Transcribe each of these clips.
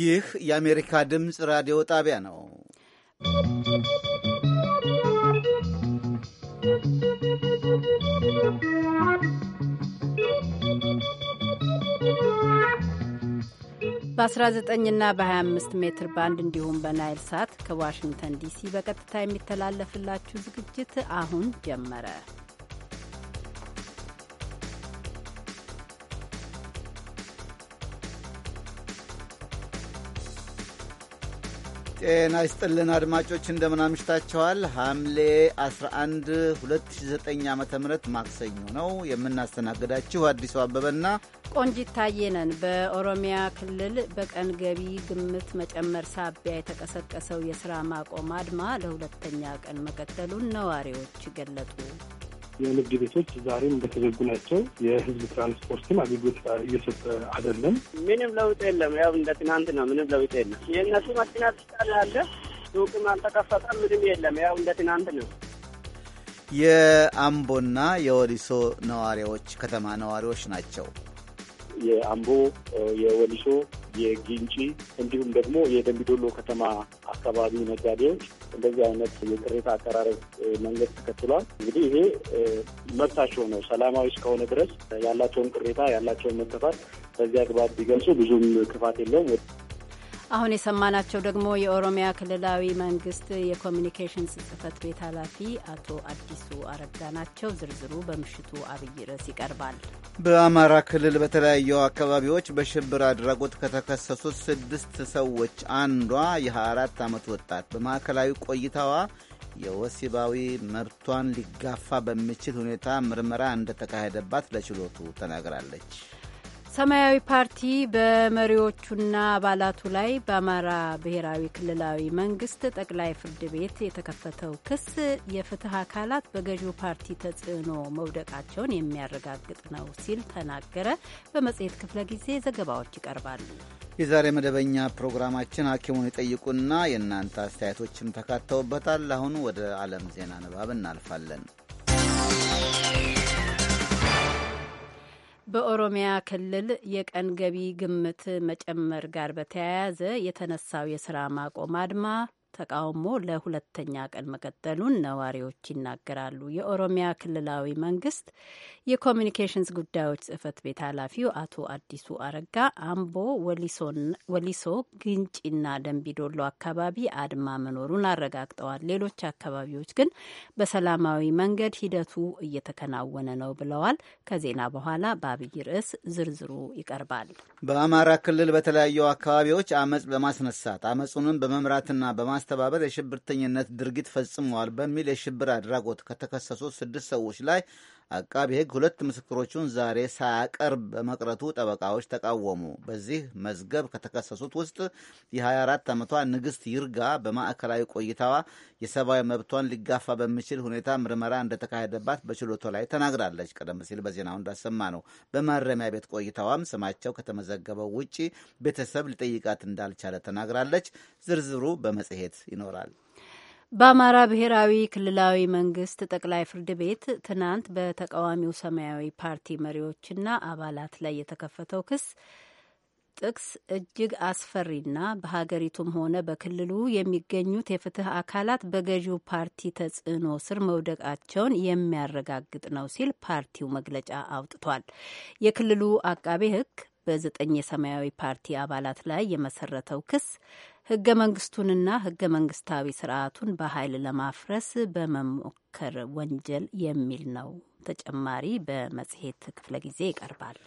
ይህ የአሜሪካ ድምፅ ራዲዮ ጣቢያ ነው። በ19 ና በ25 ሜትር ባንድ እንዲሁም በናይል ሳት ከዋሽንግተን ዲሲ በቀጥታ የሚተላለፍላችሁ ዝግጅት አሁን ጀመረ። ጤና ይስጥልን አድማጮች እንደምን አምሽታችኋል። ሐምሌ 11 2009 ዓ ም ማክሰኞ ነው። የምናስተናግዳችሁ አዲሱ አበበና ቆንጂት ታዬ ነን። በኦሮሚያ ክልል በቀን ገቢ ግምት መጨመር ሳቢያ የተቀሰቀሰው የስራ ማቆም አድማ ለሁለተኛ ቀን መቀጠሉን ነዋሪዎች ገለጡ። የንግድ ቤቶች ዛሬም እንደተዘጉ ናቸው። የህዝብ ትራንስፖርትም አገልግሎት እየሰጠ አይደለም። ምንም ለውጥ የለም። ያው እንደ ትናንት ነው። ምንም ለውጥ የለም። የእነሱ መኪና ብቻ አለ። ሱቅም አልተከፈጠም። ምንም የለም። ያው እንደ ትናንት ነው። የአምቦና የወሊሶ ነዋሪዎች ከተማ ነዋሪዎች ናቸው። የአምቦ የወሊሶ፣ የግንጪ እንዲሁም ደግሞ የደምቢዶሎ ከተማ አካባቢ ነጋዴዎች እንደዚህ አይነት የቅሬታ አቀራረብ መንገድ ተከትሏል። እንግዲህ ይሄ መብታቸው ነው። ሰላማዊ እስከሆነ ድረስ ያላቸውን ቅሬታ ያላቸውን መከፋት በዚህ አግባብ ቢገልጹ ብዙም ክፋት የለውም። አሁን የሰማናቸው ደግሞ የኦሮሚያ ክልላዊ መንግስት የኮሚኒኬሽን ጽህፈት ቤት ኃላፊ አቶ አዲሱ አረጋ ናቸው። ዝርዝሩ በምሽቱ አብይ ርዕስ ይቀርባል። በአማራ ክልል በተለያዩ አካባቢዎች በሽብር አድራጎት ከተከሰሱት ስድስት ሰዎች አንዷ የ24 ዓመት ወጣት በማዕከላዊ ቆይታዋ የወሲባዊ መብቷን ሊጋፋ በሚችል ሁኔታ ምርመራ እንደተካሄደባት ለችሎቱ ተናግራለች። ሰማያዊ ፓርቲ በመሪዎቹና አባላቱ ላይ በአማራ ብሔራዊ ክልላዊ መንግስት ጠቅላይ ፍርድ ቤት የተከፈተው ክስ የፍትህ አካላት በገዢው ፓርቲ ተጽዕኖ መውደቃቸውን የሚያረጋግጥ ነው ሲል ተናገረ። በመጽሔት ክፍለ ጊዜ ዘገባዎች ይቀርባሉ። የዛሬ መደበኛ ፕሮግራማችን ሐኪሙን ይጠይቁና የእናንተ አስተያየቶችም ተካተውበታል። አሁን ወደ ዓለም ዜና ንባብ እናልፋለን። በኦሮሚያ ክልል የቀን ገቢ ግምት መጨመር ጋር በተያያዘ የተነሳው የስራ ማቆም አድማ ተቃውሞ ለሁለተኛ ቀን መቀጠሉን ነዋሪዎች ይናገራሉ። የኦሮሚያ ክልላዊ መንግስት የኮሚኒኬሽንስ ጉዳዮች ጽህፈት ቤት ኃላፊው አቶ አዲሱ አረጋ አምቦ፣ ወሊሶ፣ ግንጭና ደንቢዶሎ አካባቢ አድማ መኖሩን አረጋግጠዋል። ሌሎች አካባቢዎች ግን በሰላማዊ መንገድ ሂደቱ እየተከናወነ ነው ብለዋል። ከዜና በኋላ በአብይ ርዕስ ዝርዝሩ ይቀርባል። በአማራ ክልል በተለያዩ አካባቢዎች አመፅ በማስነሳት አመፁንም በመምራትና በማ በማስተባበር የሽብርተኝነት ድርጊት ፈጽመዋል በሚል የሽብር አድራጎት ከተከሰሱት ስድስት ሰዎች ላይ አቃቢ ሕግ ሁለት ምስክሮቹን ዛሬ ሳያቀርብ በመቅረቱ ጠበቃዎች ተቃወሙ። በዚህ መዝገብ ከተከሰሱት ውስጥ የ24 ዓመቷ ንግሥት ይርጋ በማዕከላዊ ቆይታዋ የሰብአዊ መብቷን ሊጋፋ በሚችል ሁኔታ ምርመራ እንደተካሄደባት በችሎቱ ላይ ተናግራለች። ቀደም ሲል በዜናው እንዳሰማ ነው። በማረሚያ ቤት ቆይታዋም ስማቸው ከተመዘገበው ውጪ ቤተሰብ ሊጠይቃት እንዳልቻለ ተናግራለች። ዝርዝሩ በመጽሔት ይኖራል። በአማራ ብሔራዊ ክልላዊ መንግስት ጠቅላይ ፍርድ ቤት ትናንት በተቃዋሚው ሰማያዊ ፓርቲ መሪዎችና አባላት ላይ የተከፈተው ክስ ጥቅስ እጅግ አስፈሪና በሀገሪቱም ሆነ በክልሉ የሚገኙት የፍትህ አካላት በገዢው ፓርቲ ተጽዕኖ ስር መውደቃቸውን የሚያረጋግጥ ነው ሲል ፓርቲው መግለጫ አውጥቷል። የክልሉ አቃቤ ሕግ በዘጠኝ የሰማያዊ ፓርቲ አባላት ላይ የመሰረተው ክስ ህገ መንግስቱንና ህገ መንግስታዊ ስርዓቱን በኃይል ለማፍረስ በመሞከር ወንጀል የሚል ነው። ተጨማሪ በመጽሔት ክፍለ ጊዜ ይቀርባል።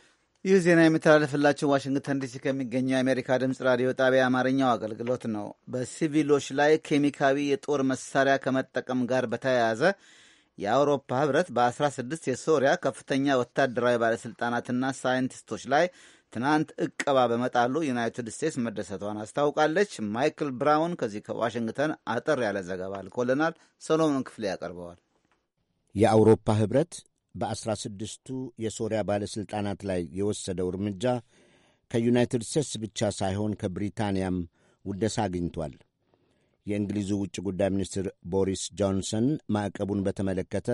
ይህ ዜና የሚተላለፍላቸው ዋሽንግተን ዲሲ ከሚገኘው የአሜሪካ ድምፅ ራዲዮ ጣቢያ አማርኛው አገልግሎት ነው። በሲቪሎች ላይ ኬሚካዊ የጦር መሳሪያ ከመጠቀም ጋር በተያያዘ የአውሮፓ ህብረት በ16 የሶሪያ ከፍተኛ ወታደራዊ ባለሥልጣናትና ሳይንቲስቶች ላይ ትናንት እቀባ በመጣሉ ዩናይትድ ስቴትስ መደሰቷን አስታውቃለች። ማይክል ብራውን ከዚህ ከዋሽንግተን አጠር ያለ ዘገባ ልኮልናል። ሰሎሞን ክፍሌ ያቀርበዋል። የአውሮፓ ኅብረት በአስራ ስድስቱ የሶሪያ ባለሥልጣናት ላይ የወሰደው እርምጃ ከዩናይትድ ስቴትስ ብቻ ሳይሆን ከብሪታንያም ውደሳ አግኝቷል። የእንግሊዙ ውጭ ጉዳይ ሚኒስትር ቦሪስ ጆንሰን ማዕቀቡን በተመለከተ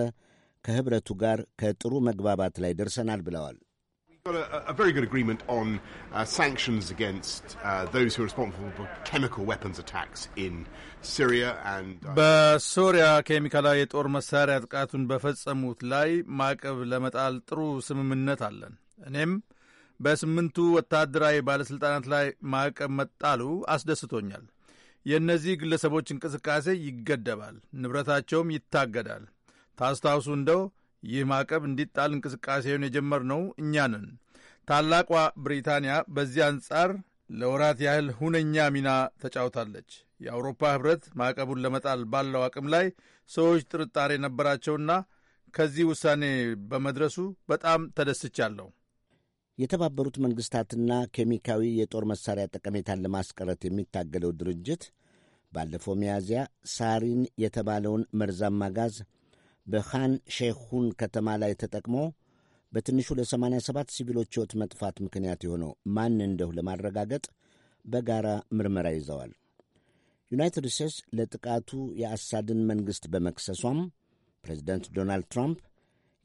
ከኅብረቱ ጋር ከጥሩ መግባባት ላይ ደርሰናል ብለዋል። got a, very good agreement on uh, sanctions against uh, those who are responsible for chemical weapons attacks in Syria and uh, በሶሪያ ኬሚካላዊ የጦር መሳሪያ ጥቃቱን በፈጸሙት ላይ ማዕቀብ ለመጣል ጥሩ ስምምነት አለን። እኔም በስምንቱ ወታደራዊ ባለሥልጣናት ላይ ማዕቀብ መጣሉ አስደስቶኛል። የእነዚህ ግለሰቦች እንቅስቃሴ ይገደባል፣ ንብረታቸውም ይታገዳል። ታስታውሱ እንደው ይህ ማዕቀብ እንዲጣል እንቅስቃሴውን የጀመርነው እኛ ነን። ታላቋ ብሪታንያ በዚህ አንጻር ለወራት ያህል ሁነኛ ሚና ተጫውታለች። የአውሮፓ ኅብረት ማዕቀቡን ለመጣል ባለው አቅም ላይ ሰዎች ጥርጣሬ ነበራቸውና ከዚህ ውሳኔ በመድረሱ በጣም ተደስቻለሁ። የተባበሩት መንግሥታትና ኬሚካዊ የጦር መሣሪያ ጠቀሜታን ለማስቀረት የሚታገለው ድርጅት ባለፈው ሚያዝያ ሳሪን የተባለውን መርዛማ ጋዝ በኻን ሼኹን ከተማ ላይ ተጠቅሞ በትንሹ ለ87 ሲቪሎች ሕይወት መጥፋት ምክንያት የሆነው ማን እንደሁ ለማረጋገጥ በጋራ ምርመራ ይዘዋል። ዩናይትድ ስቴትስ ለጥቃቱ የአሳድን መንግሥት በመክሰሷም ፕሬዚደንት ዶናልድ ትራምፕ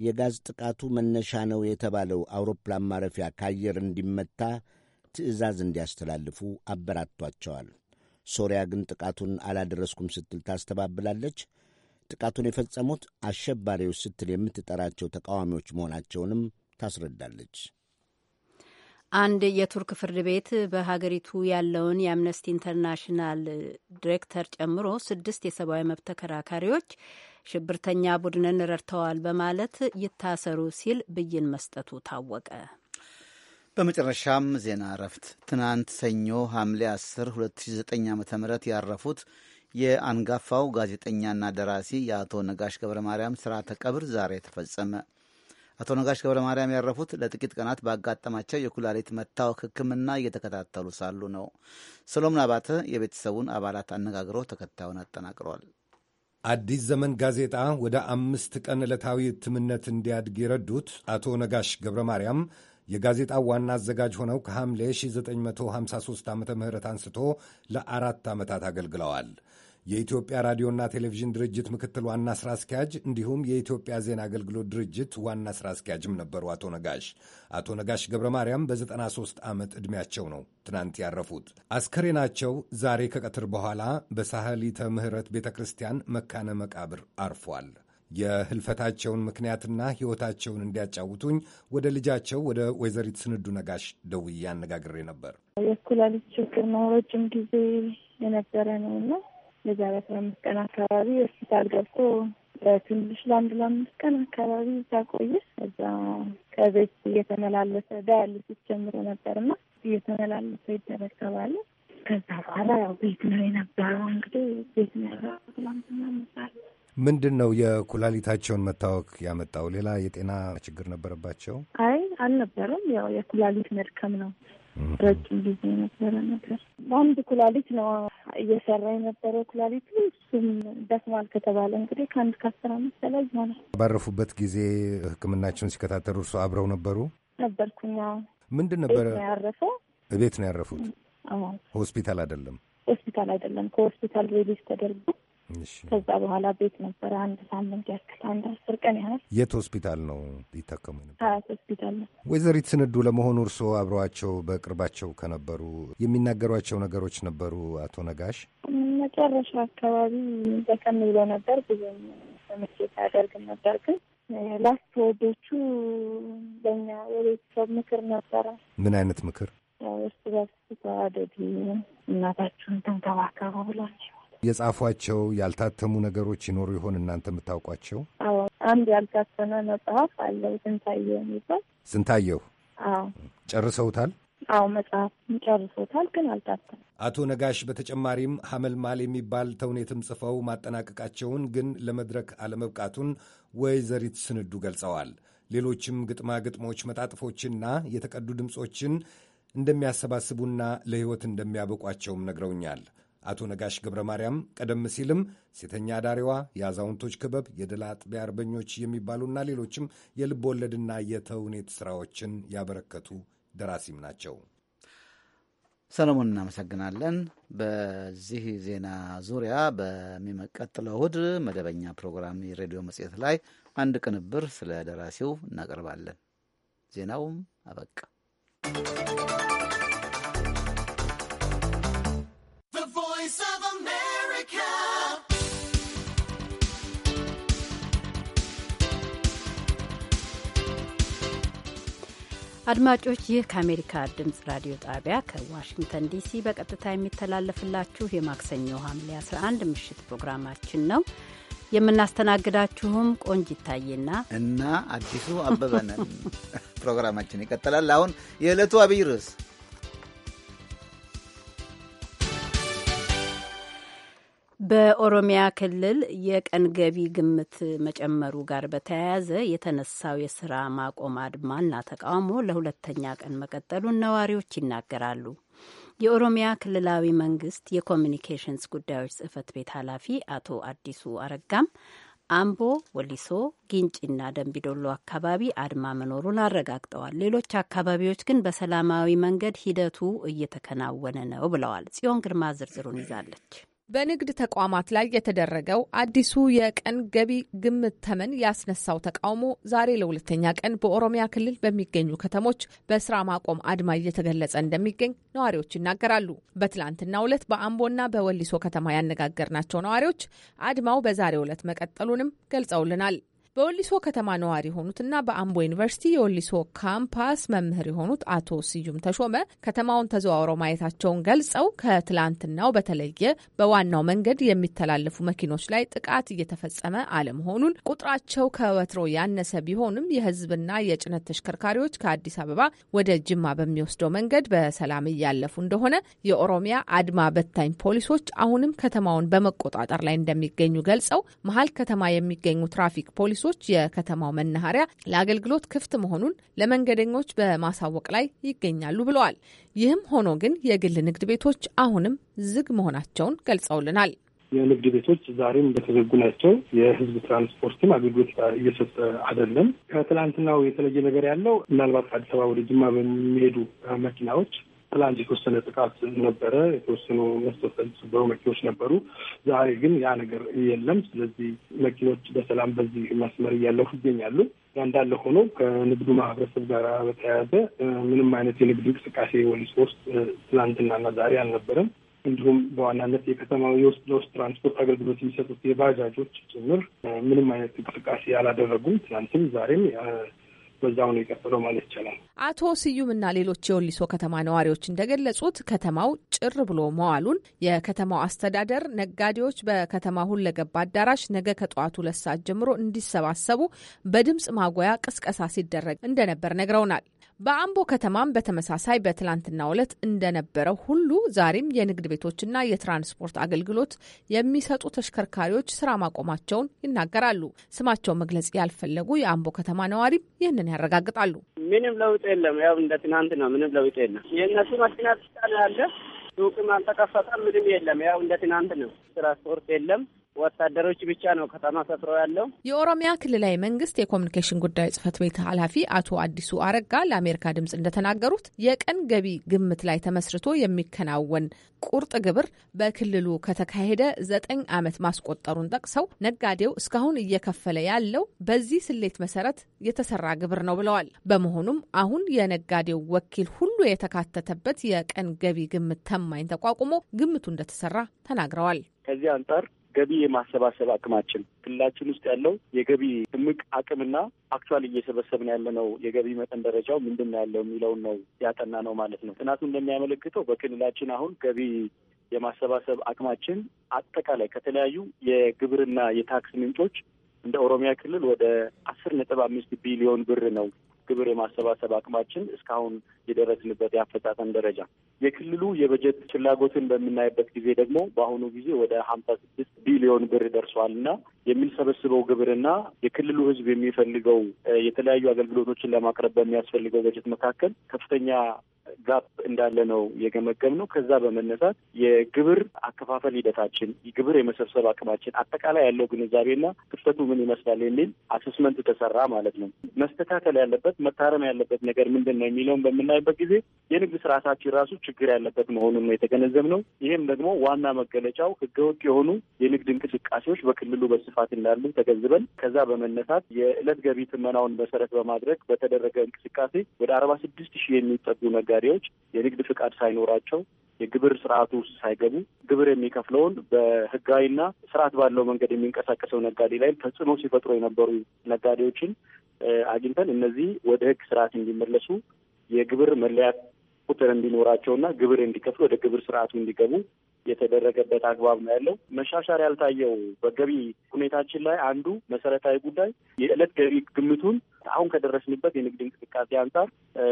የጋዝ ጥቃቱ መነሻ ነው የተባለው አውሮፕላን ማረፊያ ከአየር እንዲመታ ትዕዛዝ እንዲያስተላልፉ አበራቷቸዋል። ሶሪያ ግን ጥቃቱን አላደረስኩም ስትል ታስተባብላለች። ጥቃቱን የፈጸሙት አሸባሪዎች ስትል የምትጠራቸው ተቃዋሚዎች መሆናቸውንም ታስረዳለች። አንድ የቱርክ ፍርድ ቤት በሀገሪቱ ያለውን የአምነስቲ ኢንተርናሽናል ዲሬክተር ጨምሮ ስድስት የሰብአዊ መብት ተከራካሪዎች ሽብርተኛ ቡድንን ረድተዋል በማለት ይታሰሩ ሲል ብይን መስጠቱ ታወቀ። በመጨረሻም ዜና እረፍት። ትናንት ሰኞ ሐምሌ 10 2009 ዓ ም ያረፉት የአንጋፋው ጋዜጠኛና ደራሲ የአቶ ነጋሽ ገብረ ማርያም ስርዓተ ቀብር ዛሬ ተፈጸመ። አቶ ነጋሽ ገብረ ማርያም ያረፉት ለጥቂት ቀናት ባጋጠማቸው የኩላሊት መታወክ ሕክምና እየተከታተሉ ሳሉ ነው። ሰሎሞን አባተ የቤተሰቡን አባላት አነጋግሮ ተከታዩን አጠናቅሯል። አዲስ ዘመን ጋዜጣ ወደ አምስት ቀን ዕለታዊ እትምነት እንዲያድግ የረዱት አቶ ነጋሽ ገብረ ማርያም የጋዜጣው ዋና አዘጋጅ ሆነው ከሐምሌ 1953 ዓ ም አንስቶ ለአራት ዓመታት አገልግለዋል። የኢትዮጵያ ራዲዮና ቴሌቪዥን ድርጅት ምክትል ዋና ስራ አስኪያጅ እንዲሁም የኢትዮጵያ ዜና አገልግሎት ድርጅት ዋና ስራ አስኪያጅም ነበሩ አቶ ነጋሽ። አቶ ነጋሽ ገብረ ማርያም በ93 ዓመት ዕድሜያቸው ነው ትናንት ያረፉት። አስከሬናቸው ዛሬ ከቀትር በኋላ በሳህሊተ ምህረት ቤተ ክርስቲያን መካነ መቃብር አርፏል። የህልፈታቸውን ምክንያትና ህይወታቸውን እንዲያጫውቱኝ ወደ ልጃቸው ወደ ወይዘሪት ስንዱ ነጋሽ ደውዬ አነጋግሬ ነበር። የኩላሊት ችግር ነው። ረጅም ጊዜ የነበረ ነው እና የዛሬ አስራ አምስት ቀን አካባቢ ሆስፒታል ገብቶ ትንሽ ለአንድ ለአምስት ቀን አካባቢ እዛ እዛ ከቤት እየተመላለሰ ዳያሊሲስ ጀምሮ ነበር ነበርና እየተመላለሰ ይደረግ ተባለ። ከዛ በኋላ ያው ቤት ነው የነበረው እንግዲህ ቤት ነው ያደረጉት። ትናንትና መጣል ምንድን ነው የኩላሊታቸውን መታወክ ያመጣው? ሌላ የጤና ችግር ነበረባቸው? አይ አልነበረም። ያው የኩላሊት መድከም ነው ረጅም ጊዜ የነበረ ነገር በአንድ ኩላሊት ነው እየሰራ የነበረው ኩላሊቱ እሱም ደክሟል ከተባለ እንግዲህ ከአንድ ከአስር አመት በላይ ሆነ። ባረፉበት ጊዜ ሕክምናቸውን ሲከታተሉ እርሱ አብረው ነበሩ ነበርኩኛ። ምንድን ነበረ ያረፈው? ቤት ነው ያረፉት። ሆስፒታል አይደለም ሆስፒታል አይደለም። ከሆስፒታል ሬዲስ ተደርጎ ከዛ በኋላ ቤት ነበረ አንድ ሳምንት ያክል አንድ አስር ቀን ያህል። የት ሆስፒታል ነው ይታከሙ ነበር? ሀያት ሆስፒታል ነው። ወይዘሪት ስንዱ ለመሆኑ እርስዎ አብረዋቸው በቅርባቸው ከነበሩ የሚናገሯቸው ነገሮች ነበሩ? አቶ ነጋሽ መጨረሻ አካባቢ ዘከም ብሎ ነበር ብዙ ምስት አያደርግም ነበር ግን ላስት ወዶቹ በኛ የቤተሰብ ምክር ነበረ። ምን አይነት ምክር? እርስ በርስ ተዋደዱ፣ እናታችሁን ተንከባከቡ ብሏቸው የጻፏቸው ያልታተሙ ነገሮች ይኖሩ ይሆን እናንተ የምታውቋቸው? አዎ አንድ ያልታተመ መጽሐፍ አለው ስንታየሁ የሚባል ስንታየሁ። አዎ ጨርሰውታል? አዎ መጽሐፍ ጨርሰውታል፣ ግን አልታተም። አቶ ነጋሽ በተጨማሪም ሐመልማል የሚባል ተውኔትም ጽፈው ማጠናቀቃቸውን ግን ለመድረክ አለመብቃቱን ወይዘሪት ስንዱ ገልጸዋል። ሌሎችም ግጥማ ግጥሞች መጣጥፎችና የተቀዱ ድምፆችን እንደሚያሰባስቡና ለሕይወት እንደሚያበቋቸውም ነግረውኛል። አቶ ነጋሽ ገብረ ማርያም ቀደም ሲልም ሴተኛ አዳሪዋ፣ የአዛውንቶች ክበብ፣ የድል አጥቢያ አርበኞች የሚባሉና ሌሎችም የልብ ወለድና የተውኔት ስራዎችን ያበረከቱ ደራሲም ናቸው። ሰለሞን እናመሰግናለን። በዚህ ዜና ዙሪያ በሚመቀጥለው እሁድ መደበኛ ፕሮግራም የሬዲዮ መጽሔት ላይ አንድ ቅንብር ስለ ደራሲው እናቀርባለን። ዜናውም አበቃ። አድማጮች ይህ ከአሜሪካ ድምፅ ራዲዮ ጣቢያ ከዋሽንግተን ዲሲ በቀጥታ የሚተላለፍላችሁ የማክሰኞ ሐምሌ 11 ምሽት ፕሮግራማችን ነው። የምናስተናግዳችሁም ቆንጅ ይታየና እና አዲሱ አበበ ነን። ፕሮግራማችን ይቀጥላል። አሁን የዕለቱ አብይ ርዕስ በኦሮሚያ ክልል የቀን ገቢ ግምት መጨመሩ ጋር በተያያዘ የተነሳው የስራ ማቆም አድማና ተቃውሞ ለሁለተኛ ቀን መቀጠሉን ነዋሪዎች ይናገራሉ። የኦሮሚያ ክልላዊ መንግስት የኮሚኒኬሽንስ ጉዳዮች ጽህፈት ቤት ኃላፊ አቶ አዲሱ አረጋም አምቦ፣ ወሊሶ፣ ጊንጪና ደንቢዶሎ አካባቢ አድማ መኖሩን አረጋግጠዋል። ሌሎች አካባቢዎች ግን በሰላማዊ መንገድ ሂደቱ እየተከናወነ ነው ብለዋል። ጽዮን ግርማ ዝርዝሩን ይዛለች። በንግድ ተቋማት ላይ የተደረገው አዲሱ የቀን ገቢ ግምት ተመን ያስነሳው ተቃውሞ ዛሬ ለሁለተኛ ቀን በኦሮሚያ ክልል በሚገኙ ከተሞች በስራ ማቆም አድማ እየተገለጸ እንደሚገኝ ነዋሪዎች ይናገራሉ። በትላንትናው በአምቦ በአምቦና በወሊሶ ከተማ ያነጋገርናቸው ነዋሪዎች አድማው በዛሬው ዕለት መቀጠሉንም ገልጸውልናል። በወሊሶ ከተማ ነዋሪ የሆኑትና በአምቦ ዩኒቨርሲቲ የወሊሶ ካምፓስ መምህር የሆኑት አቶ ስዩም ተሾመ ከተማውን ተዘዋውረው ማየታቸውን ገልጸው ከትላንትናው በተለየ በዋናው መንገድ የሚተላለፉ መኪኖች ላይ ጥቃት እየተፈጸመ አለመሆኑን፣ ቁጥራቸው ከወትሮ ያነሰ ቢሆንም የህዝብና የጭነት ተሽከርካሪዎች ከአዲስ አበባ ወደ ጅማ በሚወስደው መንገድ በሰላም እያለፉ እንደሆነ፣ የኦሮሚያ አድማ በታኝ ፖሊሶች አሁንም ከተማውን በመቆጣጠር ላይ እንደሚገኙ ገልጸው መሀል ከተማ የሚገኙ ትራፊክ ፖሊሶች ባሶች የከተማው መናኸሪያ ለአገልግሎት ክፍት መሆኑን ለመንገደኞች በማሳወቅ ላይ ይገኛሉ ብለዋል። ይህም ሆኖ ግን የግል ንግድ ቤቶች አሁንም ዝግ መሆናቸውን ገልጸውልናል። የንግድ ቤቶች ዛሬም እንደተዘጉ ናቸው። የህዝብ ትራንስፖርትም አገልግሎት እየሰጠ አይደለም። ከትላንትናው የተለየ ነገር ያለው ምናልባት ከአዲስ አበባ ወደ ጅማ በሚሄዱ መኪናዎች ትላንት የተወሰነ ጥቃት ነበረ። የተወሰኑ መስጠጠሉ መኪኖች ነበሩ። ዛሬ ግን ያ ነገር የለም። ስለዚህ መኪኖች በሰላም በዚህ መስመር እያለፉ ይገኛሉ። እንዳለ ሆኖ ከንግዱ ማህበረሰብ ጋር በተያያዘ ምንም አይነት የንግድ እንቅስቃሴ ወሊሶ ውስጥ ትላንትናና ዛሬ አልነበረም። እንዲሁም በዋናነት የከተማ የውስጥ ለውስጥ ትራንስፖርት አገልግሎት የሚሰጡት የባጃጆች ጭምር ምንም አይነት እንቅስቃሴ አላደረጉም። ትናንትም ዛሬም በዛው ነው የቀጠለው ማለት ይቻላል። አቶ ስዩምና ሌሎች የወሊሶ ከተማ ነዋሪዎች እንደገለጹት ከተማው ጭር ብሎ መዋሉን የከተማው አስተዳደር ነጋዴዎች በከተማ ሁለገባ አዳራሽ ነገ ከጠዋቱ ሁለት ሰዓት ጀምሮ እንዲሰባሰቡ በድምፅ ማጉያ ቅስቀሳ ሲደረግ እንደነበር ነግረውናል። በአምቦ ከተማም በተመሳሳይ በትላንትናው ዕለት እንደነበረው ሁሉ ዛሬም የንግድ ቤቶችና የትራንስፖርት አገልግሎት የሚሰጡ ተሽከርካሪዎች ስራ ማቆማቸውን ይናገራሉ። ስማቸው መግለጽ ያልፈለጉ የአምቦ ከተማ ነዋሪም ይህንን ያረጋግጣሉ። ምንም ለውጥ የለም። ያው እንደ ትናንት ነው። ምንም ለውጥ የለም። የእነሱ መኪና ብቻ ነው ያለ። ሱቅም አልተከፈተም። ምንም የለም። ያው እንደ ትናንት ነው። ትራንስፖርት የለም። ወታደሮች ብቻ ነው ከተማ ሰፍሮ ያለው። የኦሮሚያ ክልላዊ መንግስት የኮሚኒኬሽን ጉዳዮች ጽህፈት ቤት ኃላፊ አቶ አዲሱ አረጋ ለአሜሪካ ድምፅ እንደተናገሩት የቀን ገቢ ግምት ላይ ተመስርቶ የሚከናወን ቁርጥ ግብር በክልሉ ከተካሄደ ዘጠኝ ዓመት ማስቆጠሩን ጠቅሰው ነጋዴው እስካሁን እየከፈለ ያለው በዚህ ስሌት መሰረት የተሰራ ግብር ነው ብለዋል። በመሆኑም አሁን የነጋዴው ወኪል ሁሉ የተካተተበት የቀን ገቢ ግምት ተማኝ ተቋቁሞ ግምቱ እንደተሰራ ተናግረዋል። ከዚህ አንጻር ገቢ የማሰባሰብ አቅማችን ክልላችን ውስጥ ያለው የገቢ እምቅ አቅምና አክቹዋል እየሰበሰብን ያለነው የገቢ መጠን ደረጃው ምንድን ነው ያለው የሚለውን ነው ያጠና ነው ማለት ነው። ጥናቱ እንደሚያመለክተው በክልላችን አሁን ገቢ የማሰባሰብ አቅማችን አጠቃላይ ከተለያዩ የግብርና የታክስ ምንጮች እንደ ኦሮሚያ ክልል ወደ አስር ነጥብ አምስት ቢሊዮን ብር ነው ግብር የማሰባሰብ አቅማችን እስካሁን የደረስንበት የአፈጻጸም ደረጃ የክልሉ የበጀት ፍላጎትን በምናይበት ጊዜ ደግሞ በአሁኑ ጊዜ ወደ ሀምሳ ስድስት ቢሊዮን ብር ደርሷል እና የሚሰበስበው ግብርና የክልሉ ሕዝብ የሚፈልገው የተለያዩ አገልግሎቶችን ለማቅረብ በሚያስፈልገው በጀት መካከል ከፍተኛ ጋፕ እንዳለ ነው የገመገም ነው። ከዛ በመነሳት የግብር አከፋፈል ሂደታችን፣ ግብር የመሰብሰብ አቅማችን፣ አጠቃላይ ያለው ግንዛቤና ክፍተቱ ምን ይመስላል የሚል አሰስመንት ተሰራ ማለት ነው። መስተካከል ያለበት መታረም ያለበት ነገር ምንድን ነው የሚለውን በምናይበት ጊዜ የንግድ ስርዓታችን ራሱ ችግር ያለበት መሆኑን ነው የተገነዘብ ነው። ይህም ደግሞ ዋና መገለጫው ህገወጥ የሆኑ የንግድ እንቅስቃሴዎች በክልሉ በስፋት እንዳሉ ተገንዝበን ከዛ በመነሳት የዕለት ገቢ ትመናውን መሰረት በማድረግ በተደረገ እንቅስቃሴ ወደ አርባ ስድስት ሺህ የሚጠጉ ነጋ ነጋዴዎች የንግድ ፍቃድ ሳይኖራቸው የግብር ስርዓቱ ውስጥ ሳይገቡ ግብር የሚከፍለውን በህጋዊና ስርዓት ባለው መንገድ የሚንቀሳቀሰው ነጋዴ ላይ ተጽዕኖ ሲፈጥሩ የነበሩ ነጋዴዎችን አግኝተን እነዚህ ወደ ህግ ስርዓት እንዲመለሱ የግብር መለያ ቁጥር እንዲኖራቸውና ግብር እንዲከፍሉ ወደ ግብር ስርዓቱ እንዲገቡ የተደረገበት አግባብ ነው ያለው። መሻሻል ያልታየው በገቢ ሁኔታችን ላይ አንዱ መሰረታዊ ጉዳይ የዕለት ገቢ ግምቱን አሁን ከደረስንበት የንግድ እንቅስቃሴ አንጻር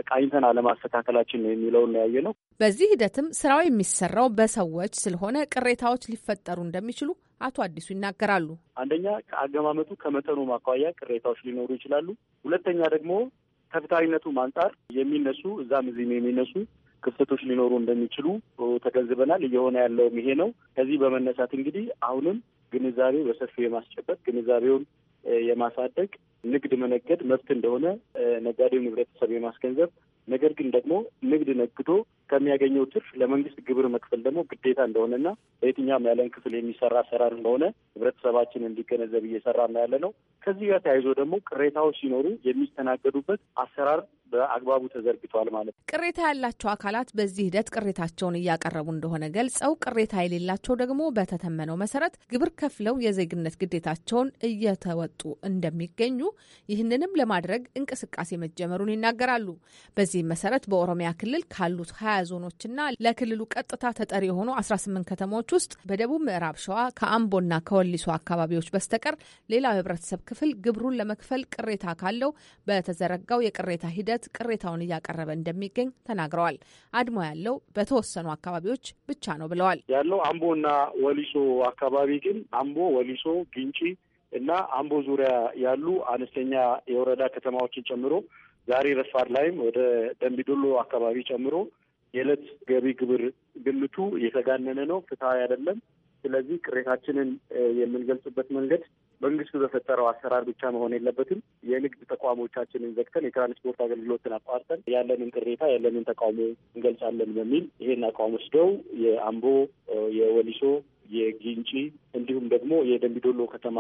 ቃኝተን አለማስተካከላችን ነው የሚለውን ነው ነው። በዚህ ሂደትም ስራው የሚሰራው በሰዎች ስለሆነ ቅሬታዎች ሊፈጠሩ እንደሚችሉ አቶ አዲሱ ይናገራሉ። አንደኛ ከአገማመጡ ከመጠኑ ማኳያ ቅሬታዎች ሊኖሩ ይችላሉ። ሁለተኛ ደግሞ ከፍትሃዊነቱ አንጻር የሚነሱ እዛም እዚህም የሚነሱ ክፍተቶች ሊኖሩ እንደሚችሉ ተገንዝበናል። እየሆነ ያለውም ይሄ ነው። ከዚህ በመነሳት እንግዲህ አሁንም ግንዛቤ በሰፊው የማስጨበጥ ግንዛቤውን የማሳደግ ንግድ መነገድ መብት እንደሆነ ነጋዴውን ህብረተሰብ የማስገንዘብ ነገር ግን ደግሞ ንግድ ነግዶ ከሚያገኘው ትርፍ ለመንግስት ግብር መክፈል ደግሞ ግዴታ እንደሆነና በየትኛውም ያለን ክፍል የሚሰራ ሰራር እንደሆነ ህብረተሰባችን እንዲገነዘብ እየሰራ ያለ ነው። ከዚህ ጋር ተያይዞ ደግሞ ቅሬታዎች ሲኖሩ የሚስተናገዱበት አሰራር በአግባቡ ተዘርግቷል ማለት ነው። ቅሬታ ያላቸው አካላት በዚህ ሂደት ቅሬታቸውን እያቀረቡ እንደሆነ ገልጸው ቅሬታ የሌላቸው ደግሞ በተተመነው መሰረት ግብር ከፍለው የዜግነት ግዴታቸውን እየተወጡ እንደሚገኙ ይህንንም ለማድረግ እንቅስቃሴ መጀመሩን ይናገራሉ። በዚህም መሰረት በኦሮሚያ ክልል ካሉት ሀያ ዞኖችና ለክልሉ ቀጥታ ተጠሪ የሆኑ አስራ ስምንት ከተሞች ውስጥ በደቡብ ምዕራብ ሸዋ ከአምቦና ከወሊሶ አካባቢዎች በስተቀር ሌላው የህብረተሰብ ክፍል ግብሩን ለመክፈል ቅሬታ ካለው በተዘረጋው የቅሬታ ሂደት በማለት ቅሬታውን እያቀረበ እንደሚገኝ ተናግረዋል። አድማ ያለው በተወሰኑ አካባቢዎች ብቻ ነው ብለዋል። ያለው አምቦ እና ወሊሶ አካባቢ ግን አምቦ፣ ወሊሶ፣ ግንጪ እና አምቦ ዙሪያ ያሉ አነስተኛ የወረዳ ከተማዎችን ጨምሮ ዛሬ ረፋድ ላይም ወደ ደምቢዶሎ አካባቢ ጨምሮ የዕለት ገቢ ግብር ግምቱ እየተጋነነ ነው፣ ፍትሐዊ አይደለም። ስለዚህ ቅሬታችንን የምንገልጽበት መንገድ መንግስቱ በፈጠረው አሰራር ብቻ መሆን የለበትም። የንግድ ተቋሞቻችንን ዘግተን የትራንስፖርት አገልግሎትን አቋርጠን ያለንን ቅሬታ ያለንን ተቃውሞ እንገልጻለን በሚል ይሄን አቋም ወስደው የአምቦ፣ የወሊሶ፣ የጊንጪ እንዲሁም ደግሞ የደምቢዶሎ ከተማ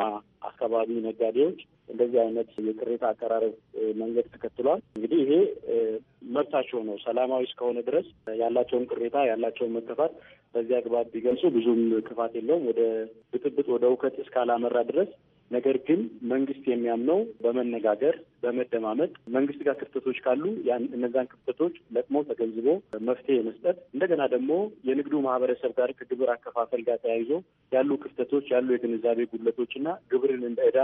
አካባቢ ነጋዴዎች እንደዚህ አይነት የቅሬታ አቀራረብ መንገድ ተከትሏል። እንግዲህ ይሄ መብታቸው ነው። ሰላማዊ እስከሆነ ድረስ ያላቸውን ቅሬታ ያላቸውን መከፋት በዚህ አግባብ ቢገልጹ ብዙም ክፋት የለውም። ወደ ብጥብጥ፣ ወደ እውከት እስካላመራ ድረስ ነገር ግን መንግስት የሚያምነው በመነጋገር በመደማመጥ መንግስት ጋር ክፍተቶች ካሉ እነዛን ክፍተቶች ለቅሞ ተገንዝቦ መፍትሄ መስጠት እንደገና ደግሞ የንግዱ ማህበረሰብ ጋር ከግብር አከፋፈል ጋር ተያይዞ ያሉ ክፍተቶች ያሉ የግንዛቤ ጉድለቶች እና ግብርን እንደ ዕዳ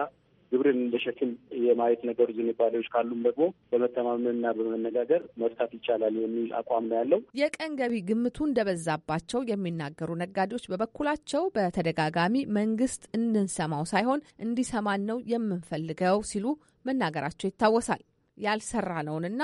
ግብርን እንደ ሸክም የማየት ነገሩ ዝንባሌዎች ካሉም ደግሞ በመተማመንና በመነጋገር መፍታት ይቻላል የሚል አቋም ነው ያለው። የቀን ገቢ ግምቱ እንደበዛባቸው የሚናገሩ ነጋዴዎች በበኩላቸው በተደጋጋሚ መንግስት እንድንሰማው ሳይሆን እንዲሰማን ነው የምንፈልገው ሲሉ መናገራቸው ይታወሳል። ያልሰራ ነውንና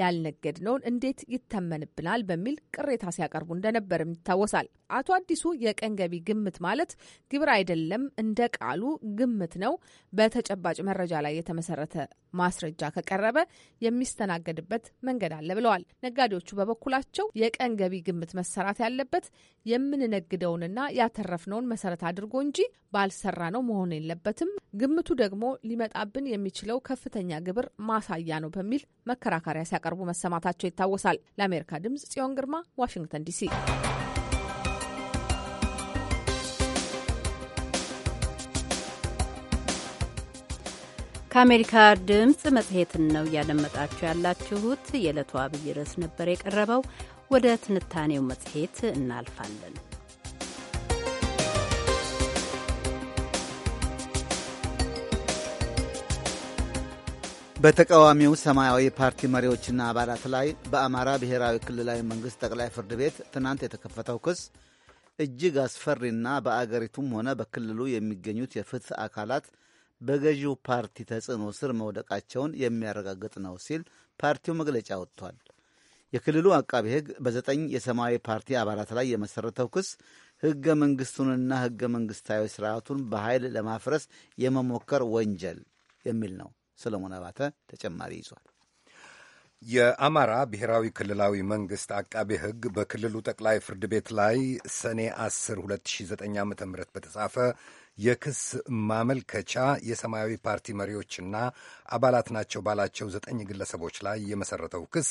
ያልነገድነውን እንዴት ይተመንብናል በሚል ቅሬታ ሲያቀርቡ እንደነበርም ይታወሳል። አቶ አዲሱ የቀን ገቢ ግምት ማለት ግብር አይደለም፣ እንደ ቃሉ ግምት ነው። በተጨባጭ መረጃ ላይ የተመሰረተ ማስረጃ ከቀረበ የሚስተናገድበት መንገድ አለ ብለዋል። ነጋዴዎቹ በበኩላቸው የቀን ገቢ ግምት መሰራት ያለበት የምንነግደውንና ያተረፍነውን መሰረት አድርጎ እንጂ ባልሰራ ነው መሆን የለበትም። ግምቱ ደግሞ ሊመጣብን የሚችለው ከፍተኛ ግብር ማሳያ ነው በሚል መከራከሪያ ሲያቀርቡ መሰማታቸው ይታወሳል። ለአሜሪካ ድምጽ ጽዮን ግርማ፣ ዋሽንግተን ዲሲ። ከአሜሪካ ድምፅ መጽሔትን ነው እያደመጣችሁ ያላችሁት። የዕለቱ አብይ ርዕስ ነበር የቀረበው። ወደ ትንታኔው መጽሔት እናልፋለን። በተቃዋሚው ሰማያዊ ፓርቲ መሪዎችና አባላት ላይ በአማራ ብሔራዊ ክልላዊ መንግሥት ጠቅላይ ፍርድ ቤት ትናንት የተከፈተው ክስ እጅግ አስፈሪና በአገሪቱም ሆነ በክልሉ የሚገኙት የፍትህ አካላት በገዢው ፓርቲ ተጽዕኖ ስር መውደቃቸውን የሚያረጋግጥ ነው ሲል ፓርቲው መግለጫ ወጥቷል። የክልሉ አቃቤ ሕግ በዘጠኝ የሰማያዊ ፓርቲ አባላት ላይ የመሠረተው ክስ ሕገ መንግሥቱንና ሕገ መንግሥታዊ ሥርዓቱን በኃይል ለማፍረስ የመሞከር ወንጀል የሚል ነው። ሰለሞን አባተ ተጨማሪ ይዟል። የአማራ ብሔራዊ ክልላዊ መንግሥት አቃቤ ሕግ በክልሉ ጠቅላይ ፍርድ ቤት ላይ ሰኔ 10 2009 ዓ ም በተጻፈ የክስ ማመልከቻ የሰማያዊ ፓርቲ መሪዎችና አባላት ናቸው ባላቸው ዘጠኝ ግለሰቦች ላይ የመሠረተው ክስ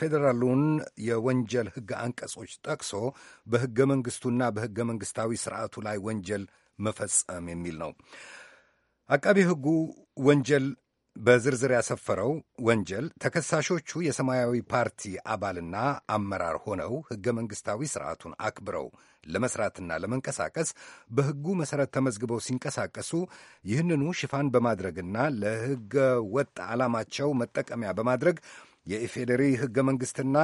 ፌዴራሉን የወንጀል ሕግ አንቀጾች ጠቅሶ በሕገ መንግሥቱና በሕገ መንግሥታዊ ሥርዓቱ ላይ ወንጀል መፈጸም የሚል ነው። አቃቤ ሕጉ ወንጀል በዝርዝር ያሰፈረው ወንጀል ተከሳሾቹ የሰማያዊ ፓርቲ አባልና አመራር ሆነው ሕገ መንግሥታዊ ሥርዓቱን አክብረው ለመስራትና ለመንቀሳቀስ በሕጉ መሠረት ተመዝግበው ሲንቀሳቀሱ ይህንኑ ሽፋን በማድረግና ለሕገ ወጥ ዓላማቸው መጠቀሚያ በማድረግ የኢፌዴሪ ሕገ መንግሥትና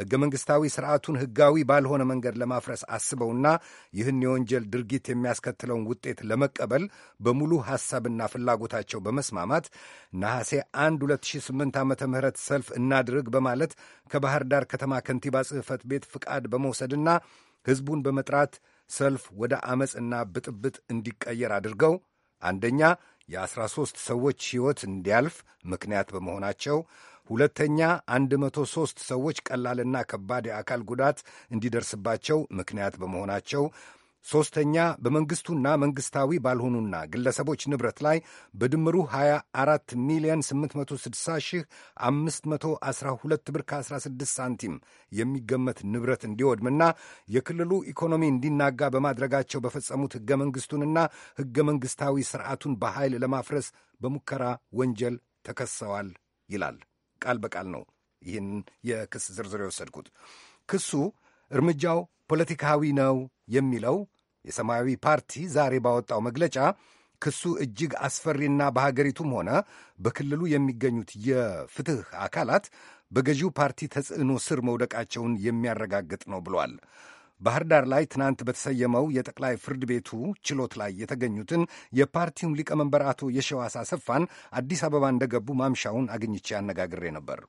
ሕገ መንግሥታዊ ሥርዓቱን ሕጋዊ ባልሆነ መንገድ ለማፍረስ አስበውና ይህን የወንጀል ድርጊት የሚያስከትለውን ውጤት ለመቀበል በሙሉ ሐሳብና ፍላጎታቸው በመስማማት ነሐሴ 1 2008 ዓ ም ሰልፍ እናድርግ በማለት ከባህር ዳር ከተማ ከንቲባ ጽሕፈት ቤት ፍቃድ በመውሰድና ሕዝቡን በመጥራት ሰልፍ ወደ ዐመፅና ብጥብጥ እንዲቀየር አድርገው አንደኛ የ13 ሰዎች ሕይወት እንዲያልፍ ምክንያት በመሆናቸው ሁለተኛ 103 ሰዎች ቀላልና ከባድ የአካል ጉዳት እንዲደርስባቸው ምክንያት በመሆናቸው ሦስተኛ በመንግሥቱና መንግሥታዊ ባልሆኑና ግለሰቦች ንብረት ላይ በድምሩ 24 ሚሊዮን 860 ሺህ 512 ብር ከ16 ሳንቲም የሚገመት ንብረት እንዲወድምና የክልሉ ኢኮኖሚ እንዲናጋ በማድረጋቸው በፈጸሙት ሕገ መንግሥቱንና ሕገ መንግሥታዊ ሥርዓቱን በኃይል ለማፍረስ በሙከራ ወንጀል ተከሰዋል ይላል። ቃል በቃል ነው ይህን የክስ ዝርዝር የወሰድኩት። ክሱ እርምጃው ፖለቲካዊ ነው የሚለው የሰማያዊ ፓርቲ ዛሬ ባወጣው መግለጫ ክሱ እጅግ አስፈሪና በሀገሪቱም ሆነ በክልሉ የሚገኙት የፍትህ አካላት በገዢው ፓርቲ ተጽዕኖ ስር መውደቃቸውን የሚያረጋግጥ ነው ብሏል። ባህር ዳር ላይ ትናንት በተሰየመው የጠቅላይ ፍርድ ቤቱ ችሎት ላይ የተገኙትን የፓርቲውን ሊቀመንበር አቶ የሸዋስ አሰፋን አዲስ አበባ እንደገቡ ማምሻውን አግኝቼ አነጋግሬ ነበር።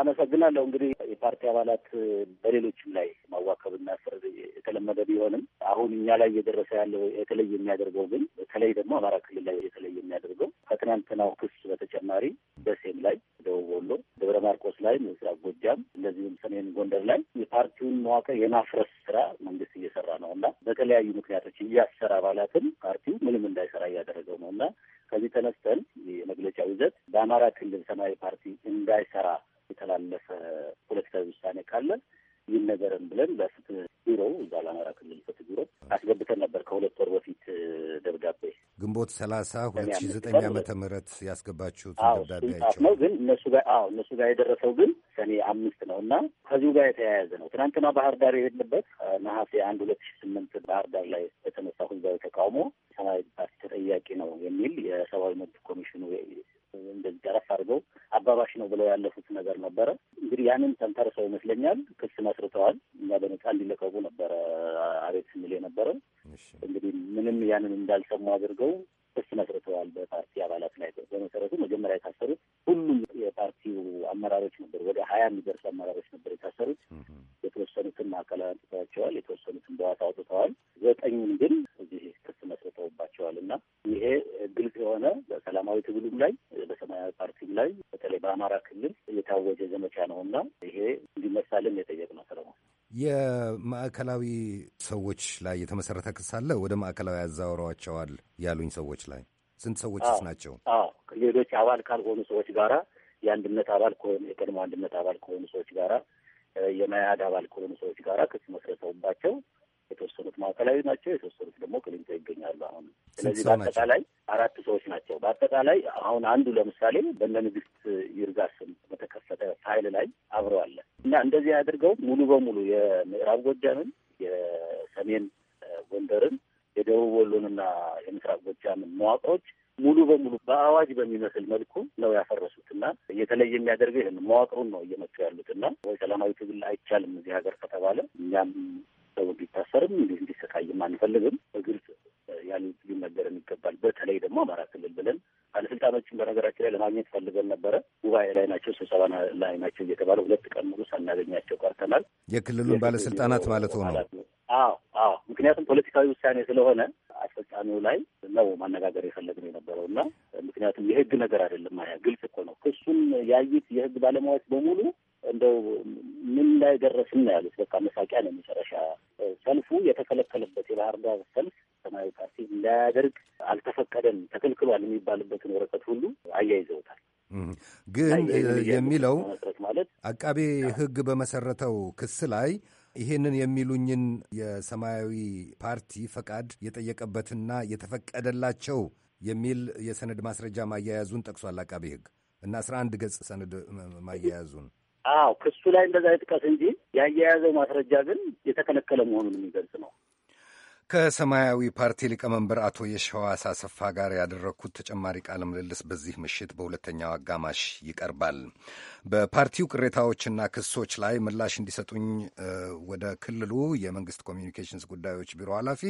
አመሰግናለሁ። እንግዲህ የፓርቲ አባላት በሌሎችም ላይ ማዋከብና ፍርድ የተለመደ ቢሆንም አሁን እኛ ላይ እየደረሰ ያለው የተለየ የሚያደርገው ግን በተለይ ደግሞ አማራ ክልል ላይ የተለየ የሚያደርገው ከትናንትናው ክስ በተጨማሪ ደሴም ላይ፣ ደቡብ ወሎ፣ ደብረ ማርቆስ ላይ፣ ምስራቅ ጎጃም እንደዚሁም ሰሜን ጎንደር ላይ የፓርቲውን መዋቅር የማፍረስ ስራ መንግስት እየሰራ ነው እና በተለያዩ ምክንያቶች እያሰራ አባላትን ፓርቲው ምንም እንዳይሰራ እያደረገው ነው እና ከዚህ ተነስተን የመግለጫው ይዘት በአማራ ክልል ሰማያዊ ፓርቲ እንዳይሰራ የተላለፈ ፖለቲካዊ ውሳኔ ካለ ይህን ነገርን ብለን ለፍትህ ቢሮ እዛ ለአማራ ክልል ፍትህ ቢሮ አስገብተን ነበር። ከሁለት ወር በፊት ደብዳቤ ግንቦት ሰላሳ ሁለት ሺ ዘጠኝ ዓመተ ምህረት ያስገባችሁት ደብዳቤ ነው። ግን እነሱ ጋር አዎ እነሱ ጋር የደረሰው ግን ሰኔ አምስት ነው እና ከዚሁ ጋር የተያያዘ ነው። ትናንትና ባህር ዳር የሄድንበት ነሐሴ አንድ ሁለት ሺ ስምንት ባህር ዳር ላይ በተነሳ ህዝባዊ ተቃውሞ ሰማያዊ ፓርቲ ተጠያቂ ነው የሚል የሰብአዊ መብት ኮሚሽኑ እንደዚህ ገረፍ አድርገው አባባሽ ነው ብለው ያለፉት ነገር ነበረ። እንግዲህ ያንን ተንተርሰው ይመስለኛል ክስ መስርተዋል። እኛ በነጻ እንዲለቀቁ ነበረ አቤት ስንል የነበረ እንግዲህ ምንም ያንን እንዳልሰሙ አድርገው ክስ መስርተዋል በፓርቲ አባላት ላይ። በመሰረቱ መጀመሪያ የታሰሩት ሁሉም የፓርቲው አመራሮች ነበር። ወደ ሀያ የሚደርሱ አመራሮች ነበር የታሰሩት። የተወሰኑትን ማዕከላዊ አንጥተዋቸዋል፣ የተወሰኑትን በዋስ አውጥተዋል። ዘጠኙን ግን እዚህ ክስ መስርተውባቸዋል እና ይሄ ግልጽ የሆነ በሰላማዊ ትግሉም ላይ በአማራ ክልል የታወጀ ዘመቻ ነው እና ይሄ እንዲመሳልን የጠየቅ ነው። ሰለሞን፣ የማዕከላዊ ሰዎች ላይ የተመሰረተ ክስ አለ። ወደ ማዕከላዊ ያዛወረዋቸዋል ያሉኝ ሰዎች ላይ ስንት ሰዎችስ ናቸው? ሌሎች አባል ካልሆኑ ሰዎች ጋራ የአንድነት አባል ከሆኑ የቀድሞ አንድነት አባል ከሆኑ ሰዎች ጋራ የመያድ አባል ከሆኑ ሰዎች ጋራ ክስ መስረተውባቸው የተወሰኑት ማዕከላዊ ናቸው፣ የተወሰኑት ደግሞ ቅሊንጦ ይገኛሉ። አሁን ስለዚህ በአጠቃላይ አራት ሰዎች ናቸው። በአጠቃላይ አሁን አንዱ ለምሳሌ በእነ ንግስት ይርጋ ስም በተከፈተ ፋይል ላይ አብረዋለ እና እንደዚህ አድርገው ሙሉ በሙሉ የምዕራብ ጎጃምን፣ የሰሜን ጎንደርን፣ የደቡብ ወሎንና የምስራቅ ጎጃምን መዋቅሮች ሙሉ በሙሉ በአዋጅ በሚመስል መልኩ ነው ያፈረሱትና እየተለየ የሚያደርገው ይህን መዋቅሩን ነው እየመጡ ያሉትና ወይ ሰላማዊ ትግል አይቻልም እዚህ ሀገር ከተባለ እኛም ሰው እንዲታሰርም እንዲሰቃይም አንፈልግም። በግልጽ ያሉት ሊነገረን ይገባል። በተለይ ደግሞ አማራ ክልል ብለን ባለስልጣኖችን በነገራችን ላይ ለማግኘት ፈልገን ነበረ። ጉባኤ ላይ ናቸው፣ ስብሰባ ላይ ናቸው እየተባለ ሁለት ቀን ሙሉ ሳናገኛቸው ቀርተናል። የክልሉን ባለስልጣናት ማለት ነው። አዎ አዎ። ምክንያቱም ፖለቲካዊ ውሳኔ ስለሆነ አስፈጻሚው ላይ ነው ማነጋገር የፈለግነው የነበረው እና ምክንያቱም የህግ ነገር አይደለም። ማያ ግልጽ እኮ ነው። ክሱን ያዩት የህግ ባለሙያዎች በሙሉ እንደው ምን ላይ ደረስን ያሉት። በቃ መሳቂያ ነው መጨረሻ ሰልፉ የተከለከለበት የባህር ዳር ሰልፍ ሰማያዊ ፓርቲ እንዳያደርግ አልተፈቀደም ተከልክሏል የሚባልበትን ወረቀት ሁሉ አያይዘውታል። ግን የሚለው ማለት አቃቤ ሕግ በመሰረተው ክስ ላይ ይሄንን የሚሉኝን የሰማያዊ ፓርቲ ፈቃድ የጠየቀበትና የተፈቀደላቸው የሚል የሰነድ ማስረጃ ማያያዙን ጠቅሷል። አቃቤ ሕግ እና አስራ አንድ ገጽ ሰነድ ማያያዙን አዎ ክሱ ላይ እንደዛ ይጥቀስ እንጂ ያያያዘው ማስረጃ ግን የተከለከለ መሆኑን የሚገልጽ ነው። ከሰማያዊ ፓርቲ ሊቀመንበር አቶ የሸዋስ አሰፋ ጋር ያደረግኩት ተጨማሪ ቃለ ምልልስ በዚህ ምሽት በሁለተኛው አጋማሽ ይቀርባል። በፓርቲው ቅሬታዎችና ክሶች ላይ ምላሽ እንዲሰጡኝ ወደ ክልሉ የመንግስት ኮሚኒኬሽንስ ጉዳዮች ቢሮ ኃላፊ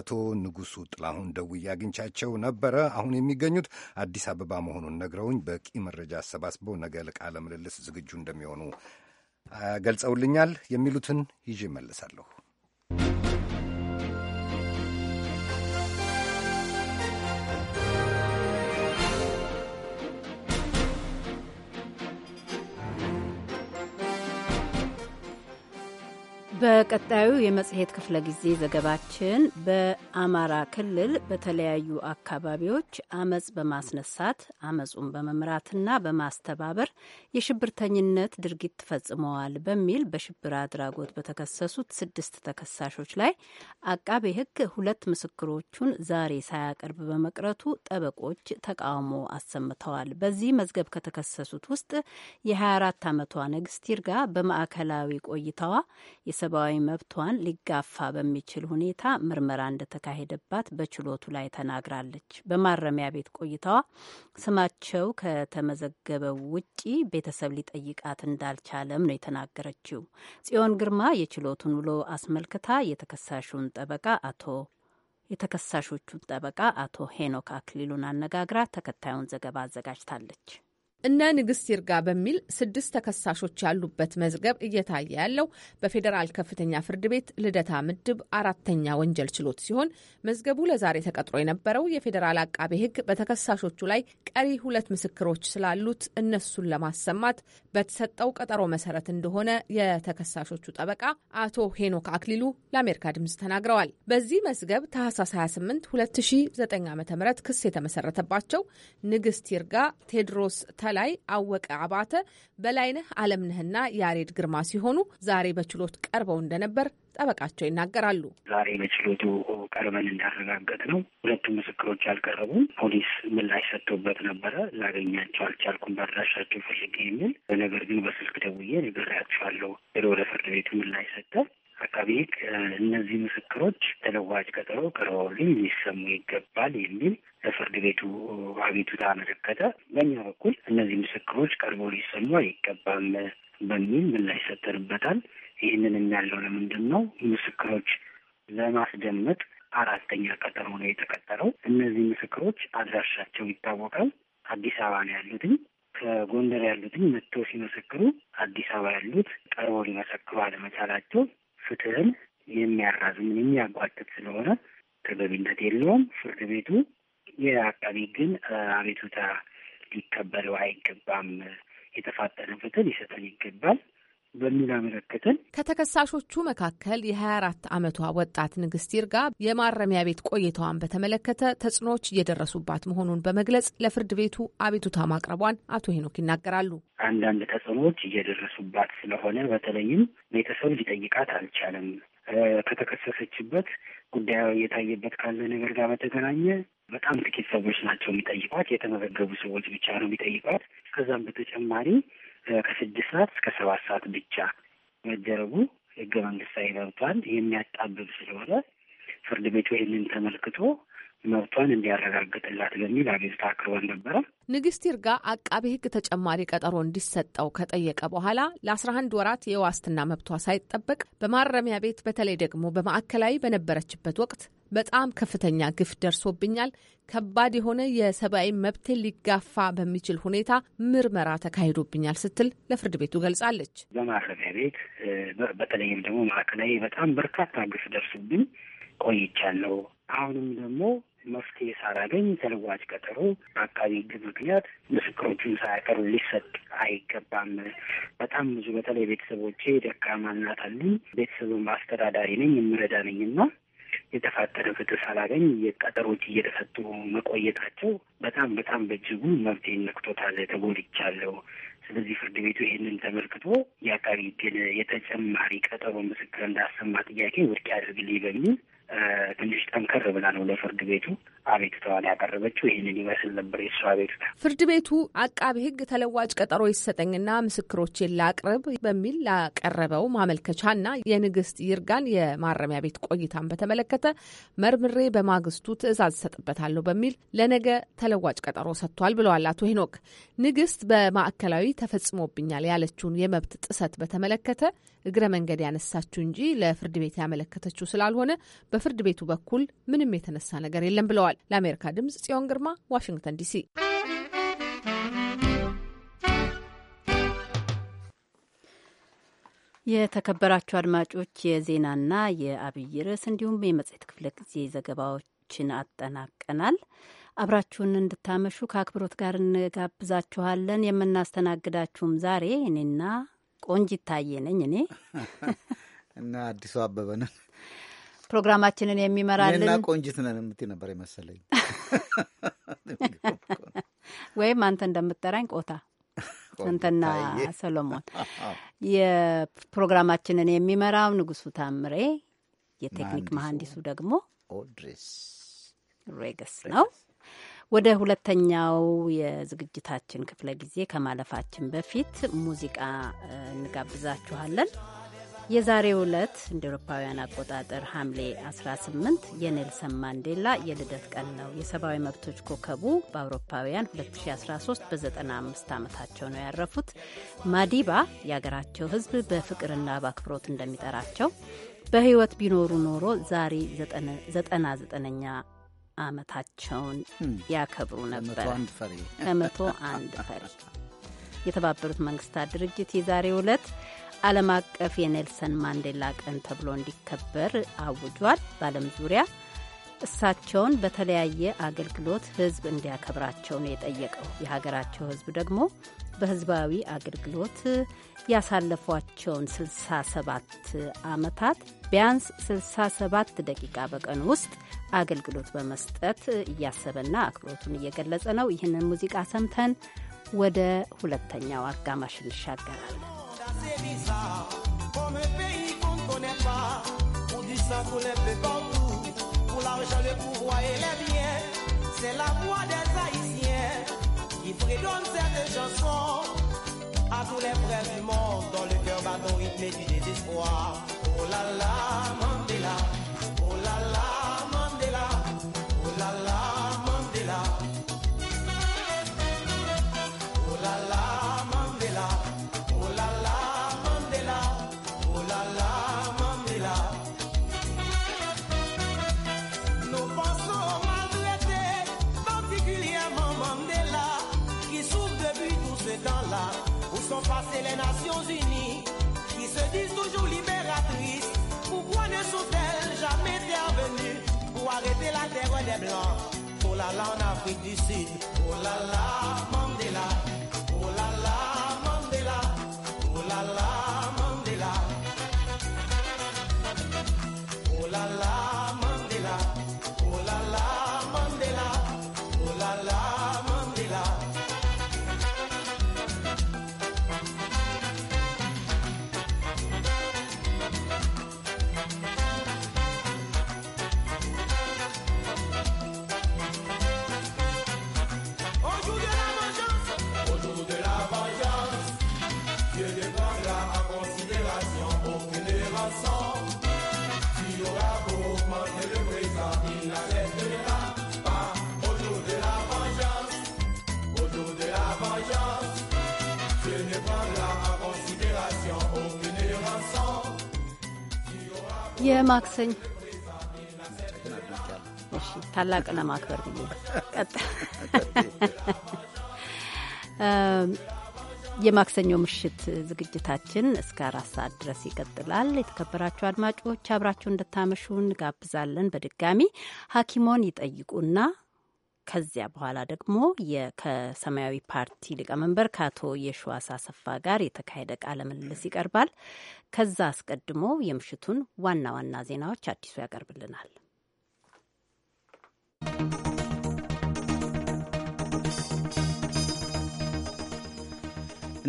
አቶ ንጉሱ ጥላሁን ደውዬ አግኝቻቸው ነበረ። አሁን የሚገኙት አዲስ አበባ መሆኑን ነግረውኝ በቂ መረጃ አሰባስበው ነገ ለቃለ ምልልስ ዝግጁ እንደሚሆኑ ገልጸውልኛል። የሚሉትን ይዤ እመለሳለሁ። በቀጣዩ የመጽሔት ክፍለ ጊዜ ዘገባችን በአማራ ክልል በተለያዩ አካባቢዎች አመፅ በማስነሳት አመፁን በመምራትና በማስተባበር የሽብርተኝነት ድርጊት ፈጽመዋል በሚል በሽብር አድራጎት በተከሰሱት ስድስት ተከሳሾች ላይ አቃቤ ሕግ ሁለት ምስክሮቹን ዛሬ ሳያቀርብ በመቅረቱ ጠበቆች ተቃውሞ አሰምተዋል። በዚህ መዝገብ ከተከሰሱት ውስጥ የ24 ዓመቷ ንግስት ይርጋ በማዕከላዊ ቆይታዋ የሰብአዊ መብቷን ሊጋፋ በሚችል ሁኔታ ምርመራ እንደተካሄደባት በችሎቱ ላይ ተናግራለች። በማረሚያ ቤት ቆይታዋ ስማቸው ከተመዘገበው ውጪ ቤተሰብ ሊጠይቃት እንዳልቻለም ነው የተናገረችው። ጽዮን ግርማ የችሎቱን ውሎ አስመልክታ የተከሳሹን ጠበቃ አቶ የተከሳሾቹን ጠበቃ አቶ ሄኖክ አክሊሉን አነጋግራ ተከታዩን ዘገባ አዘጋጅታለች። እነ ንግስት ይርጋ በሚል ስድስት ተከሳሾች ያሉበት መዝገብ እየታየ ያለው በፌዴራል ከፍተኛ ፍርድ ቤት ልደታ ምድብ አራተኛ ወንጀል ችሎት ሲሆን መዝገቡ ለዛሬ ተቀጥሮ የነበረው የፌዴራል አቃቤ ሕግ በተከሳሾቹ ላይ ቀሪ ሁለት ምስክሮች ስላሉት እነሱን ለማሰማት በተሰጠው ቀጠሮ መሰረት እንደሆነ የተከሳሾቹ ጠበቃ አቶ ሄኖክ አክሊሉ ለአሜሪካ ድምጽ ተናግረዋል። በዚህ መዝገብ ታህሳስ 28 2009 ዓ ም ክስ የተመሰረተባቸው ንግስት ይርጋ ቴድሮስ በላይ አወቀ አባተ፣ በላይነህ አለምነህና ያሬድ ግርማ ሲሆኑ ዛሬ በችሎት ቀርበው እንደነበር ጠበቃቸው ይናገራሉ። ዛሬ በችሎቱ ቀርበን እንዳረጋገጥ ነው ሁለቱም ምስክሮች አልቀረቡም። ፖሊስ ምላሽ ሰጥቶበት ነበረ። ላገኛቸው አልቻልኩም፣ በአድራሻቸው ፈልጌ የሚል ነገር ግን በስልክ ደውዬ ነግሬያቸዋለሁ። ወደ ፍርድ ቤቱ ምላሽ ሰጠ። አቃቤ ሕግ እነዚህ ምስክሮች ተለዋጭ ቀጠሮ ቀርበውልኝ ሊሰሙ ይገባል የሚል ለፍርድ ቤቱ አቤቱታ አመለከተ። በእኛ በኩል እነዚህ ምስክሮች ቀርበው ሊሰሙ አይገባም በሚል ምላሽ ሰጥተንበታል። ይህንን የሚያለው ለምንድን ነው? ምስክሮች ለማስደመጥ አራተኛ ቀጠሮ ነው የተቀጠረው። እነዚህ ምስክሮች አድራሻቸው ይታወቃል። አዲስ አበባ ነው ያሉትኝ ከጎንደር ያሉትኝ መጥቶ ሲመሰክሩ አዲስ አበባ ያሉት ቀርቦ ሊመሰክሩ አለመቻላቸው ፍትህን የሚያራዝም የሚያጓትት ስለሆነ ተገቢነት የለውም። ፍርድ ቤቱ የአቃቢ ግን አቤቱታ ሊቀበለው አይገባም። የተፋጠነ ፍትህ ሊሰጠን ይገባል። በሚል አመለከተን። ከተከሳሾቹ መካከል የ24 ዓመቷ ወጣት ንግስት ይርጋ የማረሚያ ቤት ቆይታዋን በተመለከተ ተጽዕኖዎች እየደረሱባት መሆኑን በመግለጽ ለፍርድ ቤቱ አቤቱታ ማቅረቧን አቶ ሄኖክ ይናገራሉ። አንዳንድ ተጽዕኖዎች እየደረሱባት ስለሆነ በተለይም ቤተሰብ ሊጠይቃት አልቻለም። ከተከሰሰችበት ጉዳዩ እየታየበት ካለ ነገር ጋር በተገናኘ በጣም ጥቂት ሰዎች ናቸው የሚጠይቋት። የተመዘገቡ ሰዎች ብቻ ነው የሚጠይቋት። ከዛም በተጨማሪ ከስድስት ሰዓት እስከ ሰባት ሰዓት ብቻ መደረጉ ህገ መንግስታዊ መብቷን የሚያጣብብ ስለሆነ ፍርድ ቤቱ ይህንን ተመልክቶ መብቷን እንዲያረጋግጥላት በሚል አቤቱታ አቅርበን ነበረ። ንግስት ይርጋ አቃቤ ህግ ተጨማሪ ቀጠሮ እንዲሰጠው ከጠየቀ በኋላ ለ11 ወራት የዋስትና መብቷ ሳይጠበቅ በማረሚያ ቤት በተለይ ደግሞ በማዕከላዊ በነበረችበት ወቅት በጣም ከፍተኛ ግፍ ደርሶብኛል፣ ከባድ የሆነ የሰብአዊ መብት ሊጋፋ በሚችል ሁኔታ ምርመራ ተካሂዶብኛል ስትል ለፍርድ ቤቱ ገልጻለች። በማረፊያ ቤት በተለይም ደግሞ ማዕከላዊ በጣም በርካታ ግፍ ደርሶብኝ ቆይቻለሁ። አሁንም ደግሞ መፍትሄ ሳላገኝ ተለዋጭ ቀጠሮ በአካባቢ ሕግ ምክንያት ምስክሮቹን ሳያቀሩ ሊሰጥ አይገባም። በጣም ብዙ በተለይ ቤተሰቦቼ ደካማ እናት አሉኝ። ቤተሰቡን በአስተዳዳሪ ነኝ የምረዳ ነኝ እና የተፋጠነ ፍትህ ሳላገኝ የቀጠሮች እየተሰጡ መቆየታቸው በጣም በጣም በእጅጉ መብቴን ነክቶታል፣ ተጎድቻለሁ። ስለዚህ ፍርድ ቤቱ ይህንን ተመልክቶ የአቃቤ ሕግን የተጨማሪ ቀጠሮ ምስክር እንዳሰማ ጥያቄ ውድቅ ያደርግልኝ በሚል ትንሽ ጠንከር ብላ ነው ለፍርድ ቤቱ አቤቱታዋን ያቀረበችው። ይህንን ይመስል ነበር የእሱ አቤቱታ። ፍርድ ቤቱ አቃቢ ሕግ ተለዋጭ ቀጠሮ ይሰጠኝና ምስክሮቼን ላቅርብ በሚል ላቀረበው ማመልከቻና የንግስት ይርጋን የማረሚያ ቤት ቆይታን በተመለከተ መርምሬ በማግስቱ ትዕዛዝ እሰጥበታለሁ በሚል ለነገ ተለዋጭ ቀጠሮ ሰጥቷል ብለዋል አቶ ሄኖክ። ንግስት በማዕከላዊ ተፈጽሞብኛል ያለችውን የመብት ጥሰት በተመለከተ እግረ መንገድ ያነሳችው እንጂ ለፍርድ ቤት ያመለከተችው ስላልሆነ በፍርድ ቤቱ በኩል ምንም የተነሳ ነገር የለም ብለዋል። ለአሜሪካ ድምጽ ጽዮን ግርማ ዋሽንግተን ዲሲ። የተከበራችሁ አድማጮች የዜናና የአብይ ርዕስ እንዲሁም የመጽሔት ክፍለ ጊዜ ዘገባዎችን አጠናቀናል። አብራችሁን እንድታመሹ ከአክብሮት ጋር እንጋብዛችኋለን። የምናስተናግዳችሁም ዛሬ እኔና ቆንጅ ይታየ ነኝ እኔ እና አዲሱ አበበ ነን። ፕሮግራማችንን የሚመራልን እና ቆንጅት ነን የምትይ ነበር የመሰለኝ ወይም አንተ እንደምጠራኝ ቆታ አንተና ሰሎሞን። የፕሮግራማችንን የሚመራው ንጉሱ ታምሬ፣ የቴክኒክ መሐንዲሱ ደግሞ ኦድሪስ ሬገስ ነው። ወደ ሁለተኛው የዝግጅታችን ክፍለ ጊዜ ከማለፋችን በፊት ሙዚቃ እንጋብዛችኋለን። የዛሬ ዕለት እንደ ኤሮፓውያን አቆጣጠር ሐምሌ 18 የኔልሰን ማንዴላ የልደት ቀን ነው። የሰብአዊ መብቶች ኮከቡ በአውሮፓውያን 2013 በ95 ዓመታቸው ነው ያረፉት። ማዲባ የአገራቸው ሕዝብ በፍቅርና በአክብሮት እንደሚጠራቸው በህይወት ቢኖሩ ኖሮ ዛሬ 99ኛ ዓመታቸውን ያከብሩ ነበር። ከመቶ አንድ ፈሪ የተባበሩት መንግስታት ድርጅት የዛሬ ዕለት ዓለም አቀፍ የኔልሰን ማንዴላ ቀን ተብሎ እንዲከበር አውጇል። በዓለም ዙሪያ እሳቸውን በተለያየ አገልግሎት ህዝብ እንዲያከብራቸው ነው የጠየቀው። የሀገራቸው ህዝብ ደግሞ በህዝባዊ አገልግሎት ያሳለፏቸውን 67 ዓመታት ቢያንስ 67 ደቂቃ በቀን ውስጥ አገልግሎት በመስጠት እያሰበና አክብሮቱን እየገለጸ ነው። ይህንን ሙዚቃ ሰምተን ወደ ሁለተኛው አጋማሽ እንሻገራለን። Il fredonne cette chanson à tous les frères du monde dans le cœur battant rythmé du désespoir. Oh là là, les là là, on Oh là là, Mandela. የማክሰኝ ታላቅ ለማክበር ብዬ የማክሰኞ ምሽት ዝግጅታችን እስከ አራት ሰዓት ድረስ ይቀጥላል። የተከበራችሁ አድማጮች አብራችሁ እንድታመሹ እንጋብዛለን። በድጋሚ ሐኪሞን ይጠይቁና ከዚያ በኋላ ደግሞ ከሰማያዊ ፓርቲ ሊቀመንበር ከአቶ የሸዋስ አሰፋ ጋር የተካሄደ ቃለ ምልልስ ይቀርባል። ከዛ አስቀድሞ የምሽቱን ዋና ዋና ዜናዎች አዲሱ ያቀርብልናል።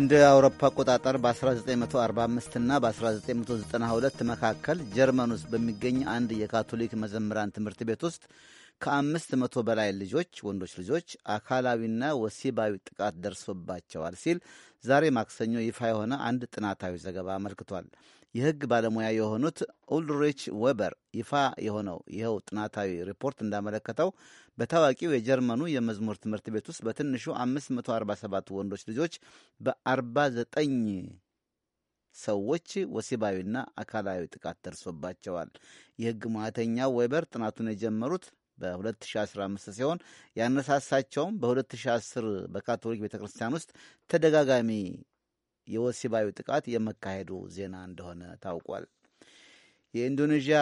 እንደ አውሮፓ አቆጣጠር በ1945 እና በ1992 መካከል ጀርመን ውስጥ በሚገኝ አንድ የካቶሊክ መዘምራን ትምህርት ቤት ውስጥ ከአምስት መቶ በላይ ልጆች ወንዶች ልጆች አካላዊና ወሲባዊ ጥቃት ደርሶባቸዋል ሲል ዛሬ ማክሰኞ ይፋ የሆነ አንድ ጥናታዊ ዘገባ አመልክቷል። የሕግ ባለሙያ የሆኑት ኡልድሪች ዌበር ይፋ የሆነው ይኸው ጥናታዊ ሪፖርት እንዳመለከተው በታዋቂው የጀርመኑ የመዝሙር ትምህርት ቤት ውስጥ በትንሹ 547 ወንዶች ልጆች በ49 ሰዎች ወሲባዊና አካላዊ ጥቃት ደርሶባቸዋል። የሕግ ሙያተኛው ዌበር ጥናቱን የጀመሩት በ2015 ሲሆን ያነሳሳቸውም በ2010 በካቶሊክ ቤተ ክርስቲያን ውስጥ ተደጋጋሚ የወሲባዊ ጥቃት የመካሄዱ ዜና እንደሆነ ታውቋል። የኢንዶኔዥያ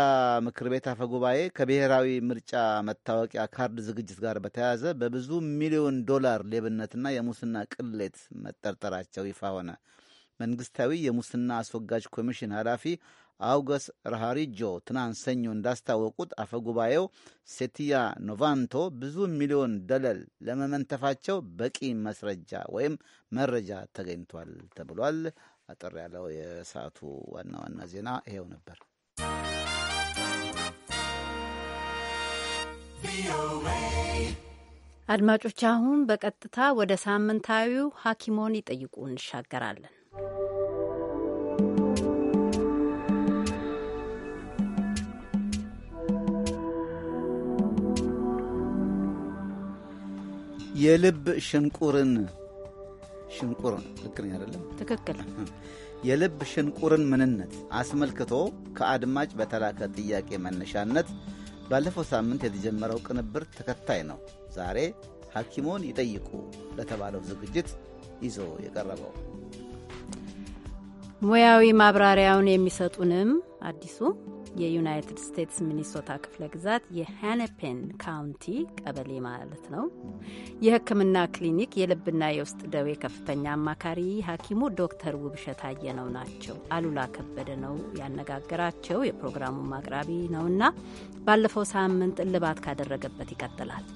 ምክር ቤት አፈ ጉባኤ ከብሔራዊ ምርጫ መታወቂያ ካርድ ዝግጅት ጋር በተያያዘ በብዙ ሚሊዮን ዶላር ሌብነትና የሙስና ቅሌት መጠርጠራቸው ይፋ ሆነ። መንግስታዊ የሙስና አስወጋጅ ኮሚሽን ኃላፊ አውገስ ረሃሪጆ ትናንት ሰኞ እንዳስታወቁት አፈ ጉባኤው ሴቲያ ኖቫንቶ ብዙ ሚሊዮን ደለል ለመመንተፋቸው በቂ መስረጃ ወይም መረጃ ተገኝቷል ተብሏል። አጠር ያለው የሰዓቱ ዋና ዋና ዜና ይሄው ነበር። አድማጮች፣ አሁን በቀጥታ ወደ ሳምንታዊው ሐኪሞን ይጠይቁ እንሻገራለን። የልብ ሽንቁርን ሽንቁርን ልክ ነኝ አይደለም? ትክክል። የልብ ሽንቁርን ምንነት አስመልክቶ ከአድማጭ በተላከ ጥያቄ መነሻነት ባለፈው ሳምንት የተጀመረው ቅንብር ተከታይ ነው። ዛሬ ሐኪሞን ይጠይቁ ለተባለው ዝግጅት ይዞ የቀረበው ሙያዊ ማብራሪያውን የሚሰጡንም አዲሱ የዩናይትድ ስቴትስ ሚኒሶታ ክፍለ ግዛት የሃነፔን ካውንቲ ቀበሌ ማለት ነው የሕክምና ክሊኒክ የልብና የውስጥ ደዌ ከፍተኛ አማካሪ ሐኪሙ ዶክተር ውብሸት አየነው ናቸው። አሉላ ከበደ ነው ያነጋገራቸው። የፕሮግራሙም አቅራቢ ነውና ባለፈው ሳምንት እልባት ካደረገበት ይቀጥላል።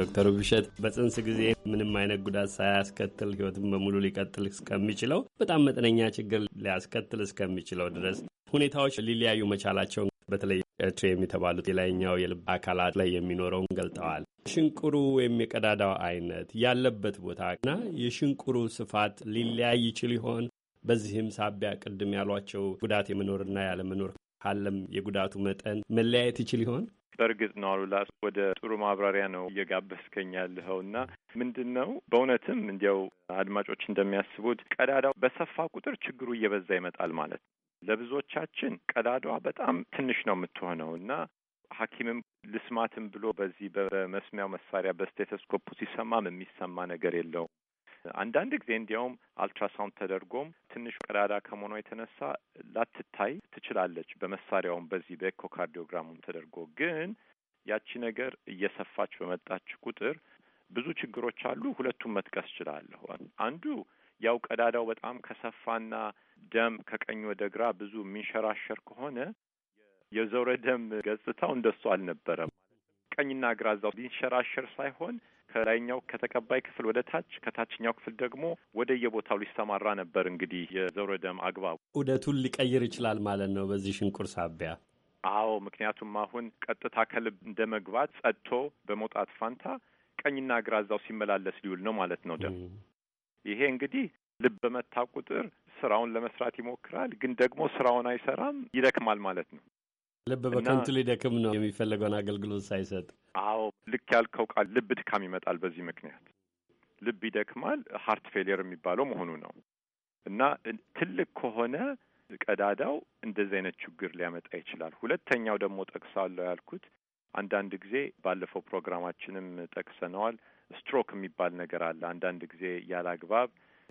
ዶክተር ውብሸት በጽንስ ጊዜ ምንም አይነት ጉዳት ሳያስከትል ህይወትን በሙሉ ሊቀጥል እስከሚችለው በጣም መጠነኛ ችግር ሊያስከትል እስከሚችለው ድረስ ሁኔታዎች ሊለያዩ መቻላቸውን በተለይ ኤርትሬ የተባሉት የላይኛው የልብ አካላት ላይ የሚኖረውን ገልጠዋል። ሽንቁሩ ወይም የቀዳዳው አይነት ያለበት ቦታ እና የሽንቁሩ ስፋት ሊለያይ ይችል ይሆን? በዚህም ሳቢያ ቅድም ያሏቸው ጉዳት የመኖርና ያለመኖር ካለም የጉዳቱ መጠን መለያየት ይችል ይሆን? በእርግጥ ነው አሉላ፣ ወደ ጥሩ ማብራሪያ ነው እየጋበዝከኝ ያልኸው እና ምንድን ነው በእውነትም እንዲያው አድማጮች እንደሚያስቡት ቀዳዳው በሰፋ ቁጥር ችግሩ እየበዛ ይመጣል ማለት ነው። ለብዙዎቻችን ቀዳዷ በጣም ትንሽ ነው የምትሆነው እና ሐኪምም ልስማትም ብሎ በዚህ በመስሚያው መሳሪያ በስቴተስኮፑ ሲሰማም የሚሰማ ነገር የለውም። አንዳንድ ጊዜ እንዲያውም አልትራሳውንድ ተደርጎም ትንሹ ቀዳዳ ከመሆኗ የተነሳ ላትታይ ትችላለች። በመሳሪያውም በዚህ በኤኮካርዲዮግራሙም ተደርጎ ግን ያቺ ነገር እየሰፋች በመጣች ቁጥር ብዙ ችግሮች አሉ። ሁለቱም መጥቀስ እችላለሁ። አንዱ ያው ቀዳዳው በጣም ከሰፋና ደም ከቀኝ ወደ ግራ ብዙ የሚንሸራሸር ከሆነ የዘውረ ደም ገጽታው እንደሱ አልነበረም። ቀኝና ግራ እዛው ሊንሸራሸር ሳይሆን ከላይኛው ከተቀባይ ክፍል ወደ ታች ከታችኛው ክፍል ደግሞ ወደ የቦታው ሊሰማራ ነበር። እንግዲህ የዘውረ ደም አግባቡ ዑደቱን ሊቀይር ይችላል ማለት ነው በዚህ ሽንቁር ሳቢያ። አዎ፣ ምክንያቱም አሁን ቀጥታ ከልብ እንደ መግባት ጸጥቶ በመውጣት ፋንታ ቀኝና ግራ እዛው ሲመላለስ ሊውል ነው ማለት ነው ደም ይሄ እንግዲህ ልብ በመታ ቁጥር ስራውን ለመስራት ይሞክራል፣ ግን ደግሞ ስራውን አይሰራም፣ ይደክማል ማለት ነው። ልብ በከንቱ ሊደክም ነው የሚፈለገውን አገልግሎት ሳይሰጥ። አዎ ልክ ያልከው ቃል ልብ ድካም ይመጣል። በዚህ ምክንያት ልብ ይደክማል። ሀርት ፌሊየር የሚባለው መሆኑ ነው እና ትልቅ ከሆነ ቀዳዳው እንደዚህ አይነት ችግር ሊያመጣ ይችላል። ሁለተኛው ደግሞ ጠቅሳለሁ ያልኩት አንዳንድ ጊዜ ባለፈው ፕሮግራማችንም ጠቅሰነዋል። ስትሮክ የሚባል ነገር አለ። አንዳንድ ጊዜ ያለ አግባብ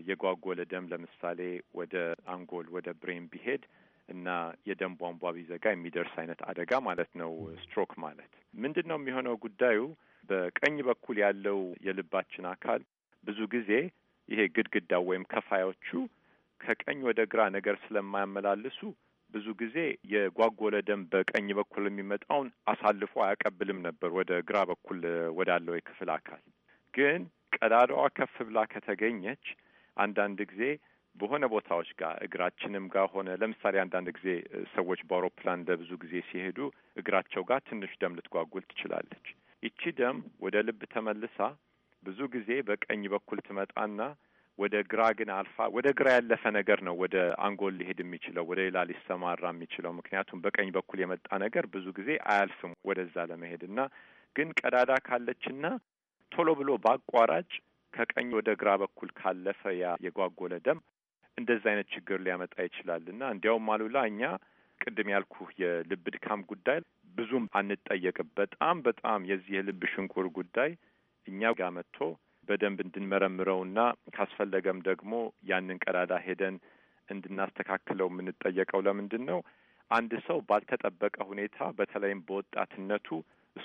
የጓጎለ ደም ለምሳሌ ወደ አንጎል ወደ ብሬን ቢሄድ እና የደም ቧንቧ ቢዘጋ የሚደርስ አይነት አደጋ ማለት ነው። ስትሮክ ማለት ምንድን ነው የሚሆነው? ጉዳዩ በቀኝ በኩል ያለው የልባችን አካል ብዙ ጊዜ ይሄ ግድግዳው ወይም ከፋዮቹ ከቀኝ ወደ ግራ ነገር ስለማያመላልሱ ብዙ ጊዜ የጓጎለ ደም በቀኝ በኩል የሚመጣውን አሳልፎ አያቀብልም ነበር ወደ ግራ በኩል ወዳለው የክፍል አካል። ግን ቀዳዳዋ ከፍ ብላ ከተገኘች አንዳንድ ጊዜ በሆነ ቦታዎች ጋር እግራችንም ጋር ሆነ ለምሳሌ አንዳንድ ጊዜ ሰዎች በአውሮፕላን ለብዙ ጊዜ ሲሄዱ እግራቸው ጋር ትንሽ ደም ልትጓጉል ትችላለች። ይቺ ደም ወደ ልብ ተመልሳ ብዙ ጊዜ በቀኝ በኩል ትመጣና ወደ ግራ ግን አልፋ ወደ ግራ ያለፈ ነገር ነው ወደ አንጎል ሊሄድ የሚችለው ወደ ሌላ ሊሰማራ የሚችለው ምክንያቱም በቀኝ በኩል የመጣ ነገር ብዙ ጊዜ አያልፍም ወደዛ ለመሄድ እና ግን ቀዳዳ ካለችና ቶሎ ብሎ በአቋራጭ ከቀኝ ወደ ግራ በኩል ካለፈ ያ የጓጎለ ደም እንደዛ አይነት ችግር ሊያመጣ ይችላል እና እንዲያውም አሉላ እኛ ቅድም ያልኩ የልብ ድካም ጉዳይ ብዙም አንጠየቅም። በጣም በጣም የዚህ የልብ ሽንቁር ጉዳይ እኛ ጋር መጥቶ በደንብ እንድንመረምረውና ካስፈለገም ደግሞ ያንን ቀዳዳ ሄደን እንድናስተካክለው የምንጠየቀው ለምንድን ነው? አንድ ሰው ባልተጠበቀ ሁኔታ በተለይም በወጣትነቱ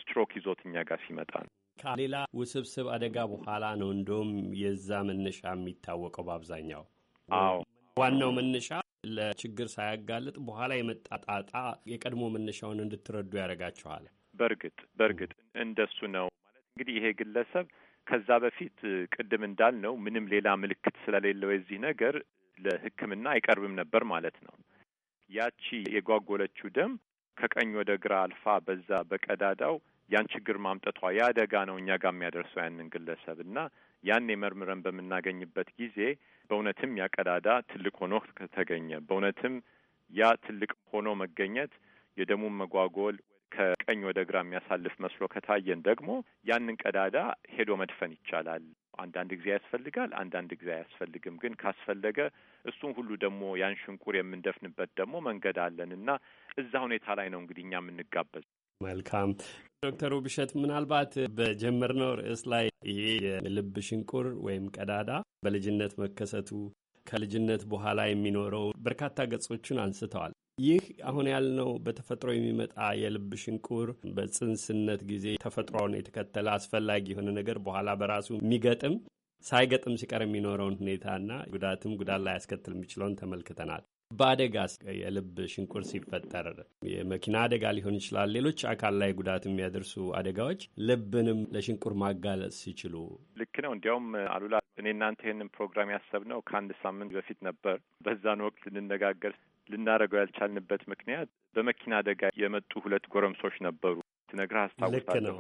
ስትሮክ ይዞት እኛ ጋር ሲመጣ ነው። ከሌላ ውስብስብ አደጋ በኋላ ነው እንደውም የዛ መነሻ የሚታወቀው በአብዛኛው። አዎ ዋናው መነሻ ለችግር ሳያጋልጥ በኋላ የመጣ ጣጣ የቀድሞ መነሻውን እንድትረዱ ያደርጋችኋል። በእርግጥ በእርግጥ እንደሱ ነው ማለት እንግዲህ ይሄ ግለሰብ ከዛ በፊት ቅድም እንዳልነው ምንም ሌላ ምልክት ስለሌለው የዚህ ነገር ለሕክምና አይቀርብም ነበር ማለት ነው። ያቺ የጓጎለችው ደም ከቀኝ ወደ ግራ አልፋ በዛ በቀዳዳው ያን ችግር ማምጠቷ የአደጋ ነው እኛ ጋር የሚያደርሰው ያንን ግለሰብ እና ያኔ የመርምረን በምናገኝበት ጊዜ በእውነትም ያ ቀዳዳ ትልቅ ሆኖ ከተገኘ በእውነትም ያ ትልቅ ሆኖ መገኘት የደሙን መጓጎል ከቀኝ ወደ ግራ የሚያሳልፍ መስሎ ከታየን ደግሞ ያንን ቀዳዳ ሄዶ መድፈን ይቻላል። አንዳንድ ጊዜ ያስፈልጋል፣ አንዳንድ ጊዜ አያስፈልግም። ግን ካስፈለገ እሱን ሁሉ ደግሞ ያን ሽንቁር የምንደፍንበት ደግሞ መንገድ አለን እና እዛ ሁኔታ ላይ ነው እንግዲህ እኛ የምንጋበዝ። መልካም ዶክተር ውብሸት ምናልባት በጀመርነው ርዕስ ላይ ይሄ የልብ ሽንቁር ወይም ቀዳዳ በልጅነት መከሰቱ ከልጅነት በኋላ የሚኖረው በርካታ ገጾቹን አንስተዋል። ይህ አሁን ያልነው በተፈጥሮ የሚመጣ የልብ ሽንቁር በጽንስነት ጊዜ ተፈጥሮን የተከተለ አስፈላጊ የሆነ ነገር በኋላ በራሱ የሚገጥም ሳይገጥም ሲቀር የሚኖረውን ሁኔታና ጉዳትም ጉዳት ላይ ያስከትል የሚችለውን ተመልክተናል። በአደጋ የልብ ሽንቁር ሲፈጠር የመኪና አደጋ ሊሆን ይችላል። ሌሎች አካል ላይ ጉዳት የሚያደርሱ አደጋዎች ልብንም ለሽንቁር ማጋለጽ ሲችሉ ልክ ነው። እንዲያውም አሉላ እኔ እናንተ ይህንን ፕሮግራም ያሰብነው ከአንድ ሳምንት በፊት ነበር። በዛን ወቅት ልንነጋገር ልናደርገው ያልቻልንበት ምክንያት በመኪና አደጋ የመጡ ሁለት ጎረምሶች ነበሩ። ትነግረህ አስታውሳለሁ።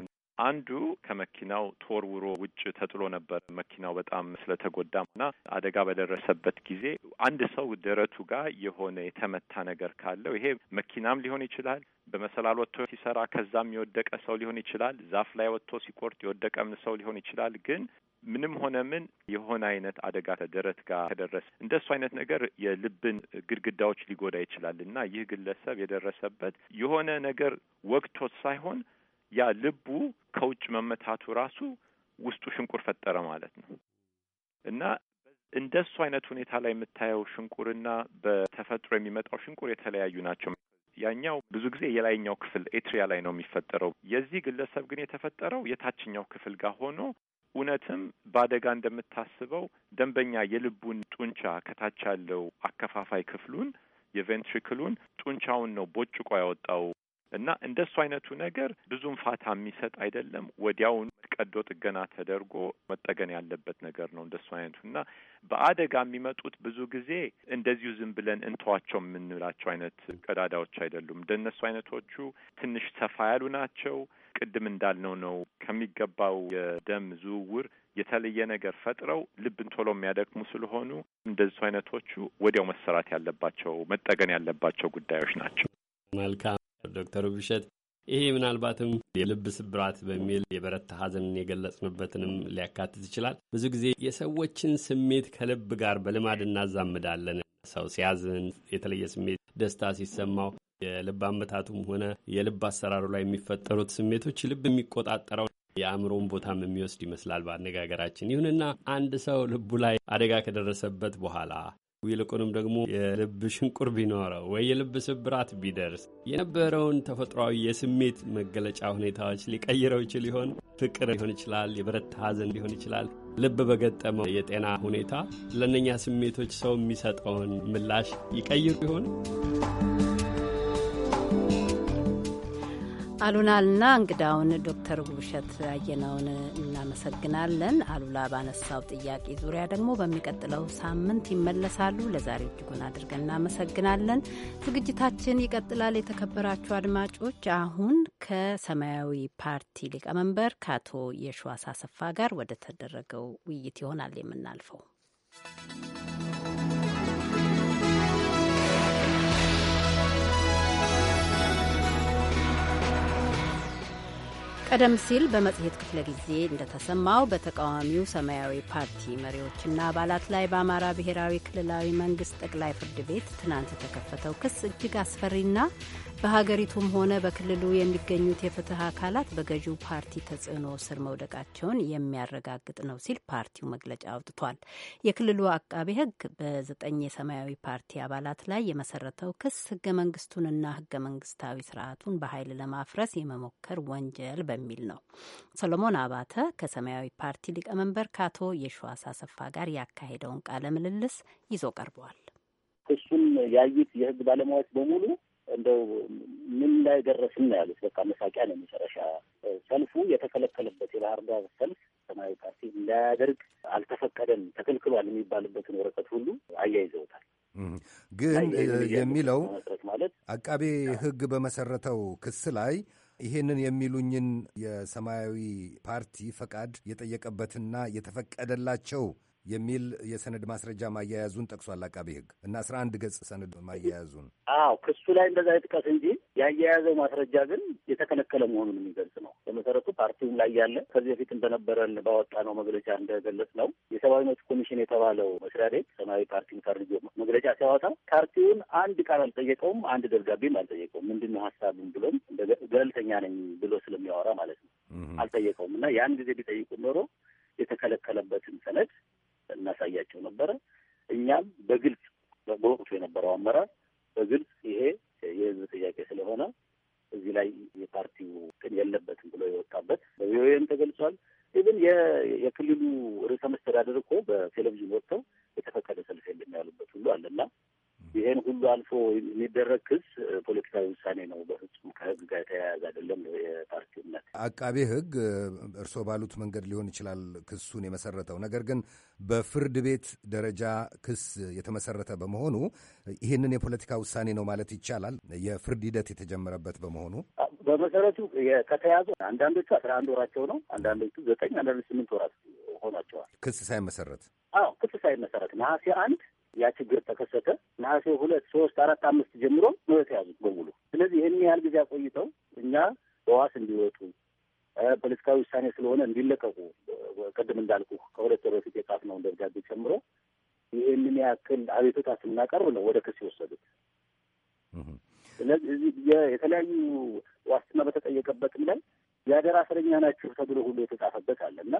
አንዱ ከመኪናው ተወርውሮ ውጭ ተጥሎ ነበር። መኪናው በጣም ስለተጎዳና አደጋ በደረሰበት ጊዜ አንድ ሰው ደረቱ ጋር የሆነ የተመታ ነገር ካለው ይሄ መኪናም ሊሆን ይችላል፣ በመሰላል ወጥቶ ሲሰራ ከዛም የወደቀ ሰው ሊሆን ይችላል፣ ዛፍ ላይ ወጥቶ ሲቆርጥ የወደቀም ሰው ሊሆን ይችላል። ግን ምንም ሆነ ምን የሆነ አይነት አደጋ ከደረት ጋር ከደረሰ እንደሱ አይነት ነገር የልብን ግድግዳዎች ሊጎዳ ይችላል እና ይህ ግለሰብ የደረሰበት የሆነ ነገር ወቅቶት ሳይሆን ያ ልቡ ከውጭ መመታቱ ራሱ ውስጡ ሽንቁር ፈጠረ ማለት ነው እና እንደሱ አይነት ሁኔታ ላይ የምታየው ሽንቁርና በተፈጥሮ የሚመጣው ሽንቁር የተለያዩ ናቸው። ያኛው ብዙ ጊዜ የላይኛው ክፍል ኤትሪያ ላይ ነው የሚፈጠረው። የዚህ ግለሰብ ግን የተፈጠረው የታችኛው ክፍል ጋር ሆኖ እውነትም በአደጋ እንደምታስበው ደንበኛ የልቡን ጡንቻ ከታች ያለው አከፋፋይ ክፍሉን የቬንትሪክሉን ጡንቻውን ነው ቦጭቆ ያወጣው እና እንደሱ አይነቱ ነገር ብዙም ፋታ የሚሰጥ አይደለም። ወዲያውን ቀዶ ጥገና ተደርጎ መጠገን ያለበት ነገር ነው። እሱ አይነቱ እና በአደጋ የሚመጡት ብዙ ጊዜ እንደዚሁ ዝም ብለን እንተዋቸው የምንላቸው አይነት ቀዳዳዎች አይደሉም። እንደነሱ አይነቶቹ ትንሽ ሰፋ ያሉ ናቸው። ቅድም እንዳልነው ነው ከሚገባው የደም ዝውውር የተለየ ነገር ፈጥረው ልብን ቶሎ የሚያደክሙ ስለሆኑ እንደዚህ አይነቶቹ ወዲያው መሰራት ያለባቸው መጠገን ያለባቸው ጉዳዮች ናቸው። መልካም ዶክተር ብሸት ይሄ ምናልባትም የልብ ስብራት በሚል የበረታ ሐዘንን የገለጽንበትንም ሊያካትት ይችላል። ብዙ ጊዜ የሰዎችን ስሜት ከልብ ጋር በልማድ እናዛምዳለን። ሰው ሲያዝን የተለየ ስሜት ደስታ ሲሰማው የልብ አመታቱም ሆነ የልብ አሰራሩ ላይ የሚፈጠሩት ስሜቶች ልብ የሚቆጣጠረው የአእምሮን ቦታም የሚወስድ ይመስላል በአነጋገራችን። ይሁንና አንድ ሰው ልቡ ላይ አደጋ ከደረሰበት በኋላ ይልቁንም ደግሞ የልብ ሽንቁር ቢኖረው ወይ የልብ ስብራት ቢደርስ የነበረውን ተፈጥሯዊ የስሜት መገለጫ ሁኔታዎች ሊቀይረው ይችል ይሆን? ፍቅር ሊሆን ይችላል፣ የበረታ ሐዘን ሊሆን ይችላል። ልብ በገጠመው የጤና ሁኔታ ለእነኛ ስሜቶች ሰው የሚሰጠውን ምላሽ ይቀይሩ ይሆን? አሉላልና እንግዳውን ዶክተር ውብሸት አየነውን እናመሰግናለን። አሉላ ባነሳው ጥያቄ ዙሪያ ደግሞ በሚቀጥለው ሳምንት ይመለሳሉ። ለዛሬ እጅጉን አድርገን እናመሰግናለን። ዝግጅታችን ይቀጥላል። የተከበራችሁ አድማጮች፣ አሁን ከሰማያዊ ፓርቲ ሊቀመንበር ከአቶ የሸዋስ አሰፋ ጋር ወደ ተደረገው ውይይት ይሆናል የምናልፈው። ቀደም ሲል በመጽሔት ክፍለ ጊዜ እንደተሰማው በተቃዋሚው ሰማያዊ ፓርቲ መሪዎችና አባላት ላይ በአማራ ብሔራዊ ክልላዊ መንግስት ጠቅላይ ፍርድ ቤት ትናንት የተከፈተው ክስ እጅግ አስፈሪና በሀገሪቱም ሆነ በክልሉ የሚገኙት የፍትህ አካላት በገዢው ፓርቲ ተጽዕኖ ስር መውደቃቸውን የሚያረጋግጥ ነው ሲል ፓርቲው መግለጫ አውጥቷል። የክልሉ አቃቤ ሕግ በዘጠኝ የሰማያዊ ፓርቲ አባላት ላይ የመሰረተው ክስ ህገ መንግስቱንና ህገ መንግስታዊ ስርዓቱን በኃይል ለማፍረስ የመሞከር ወንጀል በሚ የሚል ነው። ሰሎሞን አባተ ከሰማያዊ ፓርቲ ሊቀመንበር ከአቶ የሸዋስ አሰፋ ጋር ያካሄደውን ቃለ ምልልስ ይዞ ቀርበዋል። እሱም ያዩት የህግ ባለሙያዎች በሙሉ እንደው ምን ላይ ደረስን ነው ያሉት። በቃ መሳቂያ ነው። መጨረሻ ሰልፉ የተከለከለበት የባህር ዳር ሰልፍ ሰማያዊ ፓርቲ እንዳያደርግ አልተፈቀደም፣ ተከልክሏል የሚባልበትን ወረቀት ሁሉ አያይዘውታል። ግን የሚለው አቃቤ ሕግ በመሰረተው ክስ ላይ ይህንን የሚሉኝን የሰማያዊ ፓርቲ ፈቃድ የጠየቀበትና የተፈቀደላቸው የሚል የሰነድ ማስረጃ ማያያዙን ጠቅሷል አቃቤ ሕግ እና አስራ አንድ ገጽ ሰነድ ማያያዙን። አዎ ክሱ ላይ እንደዛ የጥቀስ እንጂ ያያያዘው ማስረጃ ግን የተከለከለ መሆኑን የሚገልጽ ነው። በመሰረቱ ፓርቲውም ላይ ያለ ከዚህ በፊት እንደነበረን ባወጣ ነው መግለጫ እንደገለጽ ነው የሰብአዊ መብት ኮሚሽን የተባለው መስሪያ ቤት ሰማያዊ ፓርቲን ፈርጆ መግለጫ ሲያወጣ ፓርቲውን አንድ ቃል አልጠየቀውም፣ አንድ ደብዳቤም አልጠየቀውም። ምንድነው ሀሳብም ብሎም ገለልተኛ ነኝ ብሎ ስለሚያወራ ማለት ነው አልጠየቀውም እና ያን ጊዜ ቢጠይቁ ኖሮ የተከለከለበትን ሰነድ እናሳያቸው ነበረ። እኛም በግልጽ በወቅቱ የነበረው አመራር በግልጽ ይሄ የህዝብ ጥያቄ ስለሆነ እዚህ ላይ የፓርቲው ቅን የለበትም ብሎ የወጣበት በቪኦኤም ተገልጿል። ግን የክልሉ ርዕሰ መስተዳደር እኮ በቴሌቪዥን ወጥተው የተፈቀደ ሰልፍ የለም ያሉበት ሁሉ አለና ይሄን ሁሉ አልፎ የሚደረግ ክስ ፖለቲካዊ ውሳኔ ነው። በፍጹም ከህግ ጋር የተያያዘ አይደለም ነው አቃቢ እምነት። አቃቤ ህግ እርስዎ ባሉት መንገድ ሊሆን ይችላል ክሱን የመሰረተው። ነገር ግን በፍርድ ቤት ደረጃ ክስ የተመሰረተ በመሆኑ ይህንን የፖለቲካ ውሳኔ ነው ማለት ይቻላል። የፍርድ ሂደት የተጀመረበት በመሆኑ በመሰረቱ ከተያዙ አንዳንዶቹ አስራ አንድ ወራቸው ነው፣ አንዳንዶቹ ዘጠኝ፣ አንዳንዶች ስምንት ወራት ሆኗቸዋል። ክስ ሳይመሰረት አዎ፣ ክስ ሳይመሰረት ነሐሴ አንድ ያ ችግር ተከሰተ። ነሐሴ ሁለት ሶስት አራት አምስት ጀምሮ ነው የተያዙት በሙሉ። ስለዚህ ይህን ያህል ጊዜ አቆይተው እኛ በዋስ እንዲወጡ ፖለቲካዊ ውሳኔ ስለሆነ እንዲለቀቁ ቅድም እንዳልኩ ከሁለት ወር በፊት ነው ደብዳቤ ጨምሮ ይህንን ያክል አቤቱታ ስናቀርብ ነው ወደ ክስ የወሰዱት። ስለዚህ የተለያዩ ዋስትና በተጠየቀበትም ላይ የአደራ እስረኛ ናችሁ ተብሎ ሁሉ የተጻፈበት አለና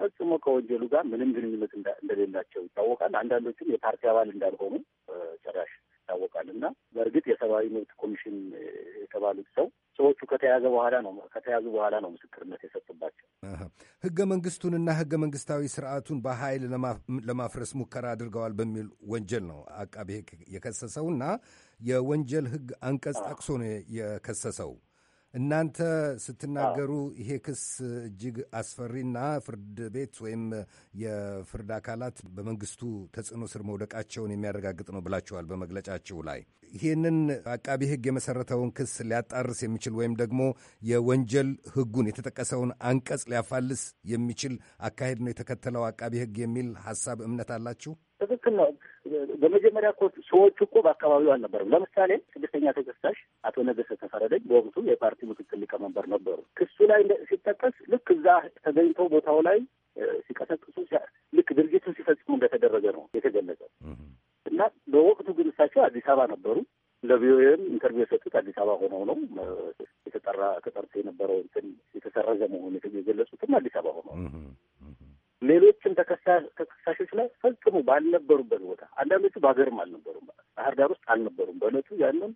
ፈጽሞ ከወንጀሉ ጋር ምንም ግንኙነት እንደሌላቸው ይታወቃል። አንዳንዶቹም የፓርቲ አባል እንዳልሆኑ ጭራሽ ይታወቃል። እና በእርግጥ የሰብአዊ መብት ኮሚሽን የተባሉት ሰው ሰዎቹ ከተያዘ በኋላ ነው ከተያዙ በኋላ ነው ምስክርነት የሰጡባቸው። ህገ መንግስቱንና ህገ መንግስታዊ ስርዓቱን በኃይል ለማፍረስ ሙከራ አድርገዋል በሚል ወንጀል ነው አቃቤ የከሰሰው እና የወንጀል ህግ አንቀጽ ጠቅሶ ነው የከሰሰው እናንተ ስትናገሩ ይሄ ክስ እጅግ አስፈሪና ፍርድ ቤት ወይም የፍርድ አካላት በመንግስቱ ተጽዕኖ ስር መውደቃቸውን የሚያረጋግጥ ነው ብላችኋል በመግለጫችሁ ላይ። ይህንን አቃቢ ህግ የመሰረተውን ክስ ሊያጣርስ የሚችል ወይም ደግሞ የወንጀል ህጉን የተጠቀሰውን አንቀጽ ሊያፋልስ የሚችል አካሄድ ነው የተከተለው አቃቢ ህግ የሚል ሀሳብ እምነት አላችሁ? ትክክል ነው። በመጀመሪያ እኮ ሰዎቹ እኮ በአካባቢው አልነበሩም። ለምሳሌ ስድስተኛ ተከሳሽ አቶ ነገሰ ተፈረደኝ በወቅቱ የፓርቲ ምክትል ሊቀመንበር ነበሩ። ክሱ ላይ ሲጠቀስ ልክ እዛ ተገኝተው ቦታው ላይ ሲቀሰቅሱ ልክ ድርጅቱን ሲፈጽሙ እንደተደረገ ነው የተገለጸ እና በወቅቱ ግን እሳቸው አዲስ አበባ ነበሩ። ለቪኦኤም ኢንተርቪው የሰጡት አዲስ አበባ ሆነው ነው የተጠራ ተጠርቶ የነበረው እንትን የተሰረዘ መሆኑ የገለጹትም አዲስ አበባ ሆነው ሌሎችም ተከሳሾች ላይ ፈጽሞ ባልነበሩበት ቦታ አንዳንዶቹ በሀገርም አልነበሩም፣ ባህር ዳር ውስጥ አልነበሩም። በእለቱ ያንም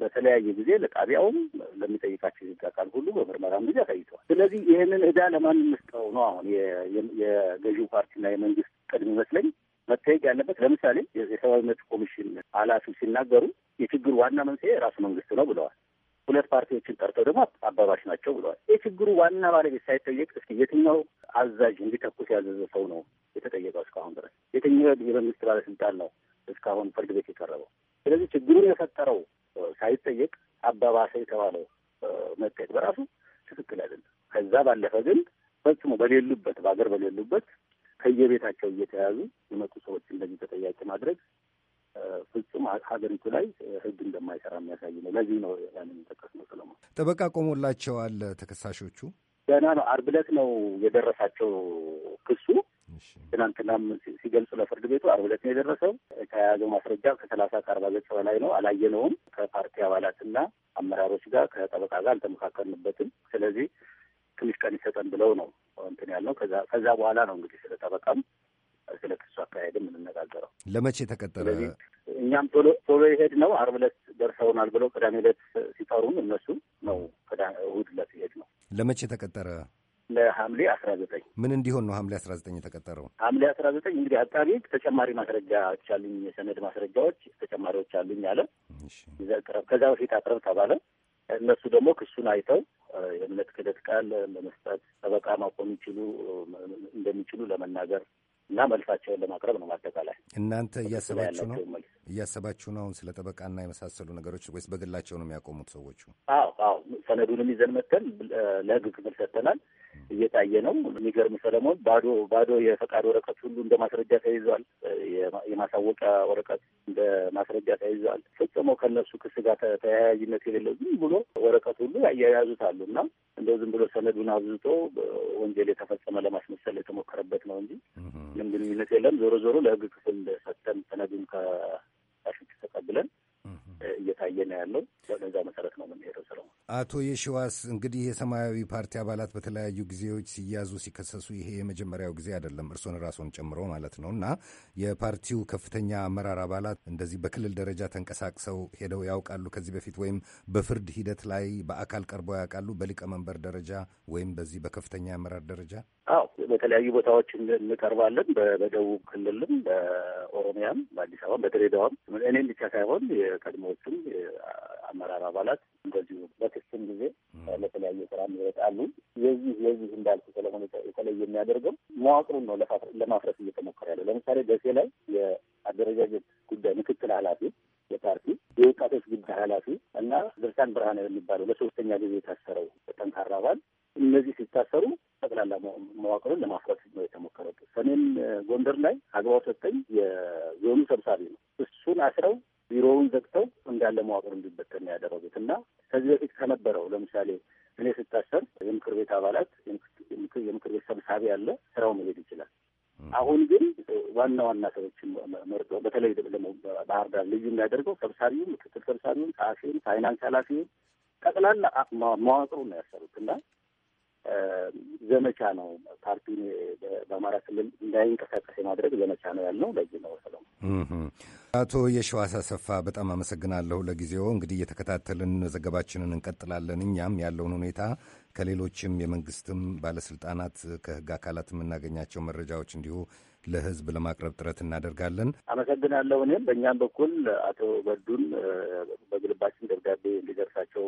በተለያየ ጊዜ ለጣቢያውም ለሚጠይቃቸው ሕግ አካል ሁሉ በምርመራም ጊዜ አሳይተዋል። ስለዚህ ይህንን እዳ ለማን ስጠው ነው አሁን የገዢው ፓርቲና የመንግስት ቅድም ይመስለኝ መታየቅ ያለበት ለምሳሌ የሰብአዊ መብት ኮሚሽን ኃላፊ ሲናገሩ የችግር ዋና መንስኤ ራሱ መንግስት ነው ብለዋል። ሁለት ፓርቲዎችን ጠርተው ደግሞ አባባሽ ናቸው ብለዋል። የችግሩ ዋና ባለቤት ሳይጠየቅ እስኪ የትኛው አዛዥ እንዲተኩስ ያዘዘ ሰው ነው የተጠየቀው? እስካሁን ድረስ የትኛው የመንግስት ባለስልጣን ነው እስካሁን ፍርድ ቤት የቀረበው? ስለዚህ ችግሩን የፈጠረው ሳይጠየቅ አባባሰ የተባለው መጠየቅ በራሱ ትክክል አይደለም። ከዛ ባለፈ ግን ፈጽሞ በሌሉበት በሀገር በሌሉበት ከየቤታቸው እየተያዙ የመጡ ሰዎች እንደዚህ ተጠያቂ ማድረግ ፍጹም ሀገሪቱ ላይ ህግ እንደማይሰራ የሚያሳይ ነው። ለዚህ ነው ያንን የጠቀስ ነው። ሰለሞን ጠበቃ ቆሞላቸዋል ተከሳሾቹ ገና ነው። አርብ ዕለት ነው የደረሳቸው ክሱ። ትናንትናም ሲገልጹ ለፍርድ ቤቱ አርብ ዕለት ነው የደረሰው። ከያዘው ማስረጃ ከሰላሳ ከአርባ ገጽ በላይ ነው። አላየነውም። ከፓርቲ አባላትና አመራሮች ጋር ከጠበቃ ጋር አልተመካከልንበትም። ስለዚህ ትንሽ ቀን ይሰጠን ብለው ነው እንትን ያልነው። ከዛ በኋላ ነው እንግዲህ ስለ ጠበቃም ስለ ክሱ አካሄድ የምንነጋገረው። ለመቼ ተቀጠረ? እኛም ቶሎ ቶሎ የሄድ ነው። አርብ ዕለት ደርሰውናል ብለው ቅዳሜ ዕለት ሲጠሩን እነሱ ነው እሑድ ዕለት የሄድ ነው። ለመቼ ተቀጠረ? ለሐምሌ አስራ ዘጠኝ ምን እንዲሆን ነው ሐምሌ አስራ ዘጠኝ የተቀጠረው? ሐምሌ አስራ ዘጠኝ እንግዲህ አጣሪ ተጨማሪ ማስረጃዎች አሉኝ የሰነድ ማስረጃዎች ተጨማሪዎች አሉኝ አለ። ከዛ በፊት አቅርብ ተባለ። እነሱ ደግሞ ክሱን አይተው የእምነት ክህደት ቃል ለመስጠት ጠበቃ ማቆም ይችሉ እንደሚችሉ ለመናገር እና መልሳቸውን ለማቅረብ ነው። ማጠቃላይ እናንተ እያሰባችሁ ነው እያሰባችሁ ነው አሁን ስለ ጠበቃና የመሳሰሉ ነገሮች ወይስ በግላቸው ነው የሚያቆሙት ሰዎቹ? አዎ አዎ፣ ሰነዱንም ይዘን መተን ለህግ ክፍል ሰጥተናል። እየታየ ነው። የሚገርም ሰለሞን ባዶ ባዶ የፈቃድ ወረቀት ሁሉ እንደ ማስረጃ ተይዟል። የማሳወቂያ ወረቀት እንደ ማስረጃ ተይዟል። ፈጽሞ ከነሱ ክስ ጋር ተያያዥነት የሌለው ዝም ብሎ ወረቀት ሁሉ ያያያዙት አሉ እና እንደው ዝም ብሎ ሰነዱን አብዝቶ ወንጀል የተፈጸመ ለማስመሰል የተሞከረበት ነው እንጂ ምንም ግንኙነት የለም። ዞሮ ዞሮ ለህግ ክፍል ሰጥተን ሰነዱን ከሽች ተቀብለን እየታየ ነው ያለው። በዛ መሰረት ነው የምንሄደው። ስለ አቶ የሺዋስ እንግዲህ የሰማያዊ ፓርቲ አባላት በተለያዩ ጊዜዎች ሲያዙ ሲከሰሱ ይሄ የመጀመሪያው ጊዜ አይደለም፣ እርስዎን ራስዎን ጨምሮ ማለት ነው እና የፓርቲው ከፍተኛ አመራር አባላት እንደዚህ በክልል ደረጃ ተንቀሳቅሰው ሄደው ያውቃሉ ከዚህ በፊት ወይም በፍርድ ሂደት ላይ በአካል ቀርበው ያውቃሉ በሊቀመንበር ደረጃ ወይም በዚህ በከፍተኛ አመራር ደረጃ? አዎ በተለያዩ ቦታዎች እንቀርባለን። በደቡብ ክልልም፣ በኦሮሚያም፣ በአዲስ አበባም፣ በድሬዳዋም እኔም ብቻ ሳይሆን የቀድሞ ሐኪሞችም የአመራር አባላት እንደዚሁ በክስም ጊዜ ለተለያየ ስራ ይወጣሉ። የዚህ የዚህ እንዳልኩ ስለሆነ የተለየ የሚያደርገው መዋቅሩን ነው ለማፍረስ እየተሞከረ ያለው። ለምሳሌ ደሴ ላይ የአደረጃጀት ጉዳይ ምክትል ኃላፊ የፓርቲ የወጣቶች ጉዳይ ኃላፊ እና ድርሳን ብርሃን የሚባለው ለሶስተኛ ጊዜ የታሰረው ኃላፊ ጠቅላላ መዋቅሩ ነው ያሰሩት እና ዘመቻ ነው ፓርቲ በአማራ ክልል እንዳይንቀሳቀስ የማድረግ ዘመቻ ነው ያልነው ለዚህ ነው። ሰለሞን አቶ የሸዋስ አሰፋ በጣም አመሰግናለሁ። ለጊዜው እንግዲህ እየተከታተልን ዘገባችንን እንቀጥላለን። እኛም ያለውን ሁኔታ ከሌሎችም የመንግስትም ባለስልጣናት ከህግ አካላት የምናገኛቸው መረጃዎች እንዲሁ ለህዝብ ለማቅረብ ጥረት እናደርጋለን። አመሰግናለሁ። እኔም በእኛም በኩል አቶ በዱን በግልባችን ደብዳቤ እንዲደርሳቸው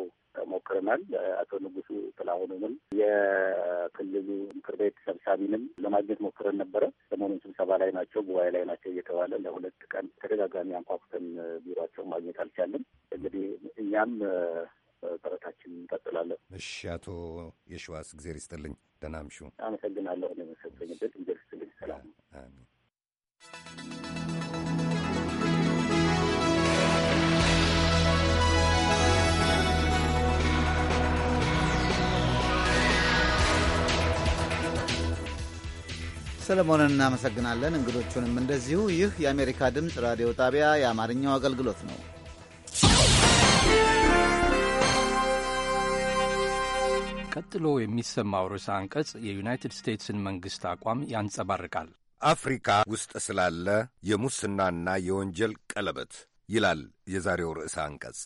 ሞክረናል። አቶ ንጉሱ ጥላሁኑንም የክልሉ ምክር ቤት ሰብሳቢንም ለማግኘት ሞክረን ነበረ። ሰሞኑን ስብሰባ ላይ ናቸው፣ ጉባኤ ላይ ናቸው እየተባለ ለሁለት ቀን ተደጋጋሚ አንኳኩተን ቢሯቸው ማግኘት አልቻለም። እንግዲህ እኛም ጥረታችን እንቀጥላለን። እሺ፣ አቶ የሸዋስ እግዜር ይስጥልኝ። ደህና እምሹ። አመሰግናለሁ። እኔ መሰግኝ ድል እግዜር ሰላም ሰለሞንን እናመሰግናለን፣ እንግዶቹንም እንደዚሁ። ይህ የአሜሪካ ድምፅ ራዲዮ ጣቢያ የአማርኛው አገልግሎት ነው። ቀጥሎ የሚሰማው ርዕሰ አንቀጽ የዩናይትድ ስቴትስን መንግሥት አቋም ያንጸባርቃል። አፍሪካ ውስጥ ስላለ የሙስናና የወንጀል ቀለበት ይላል የዛሬው ርዕሰ አንቀጽ።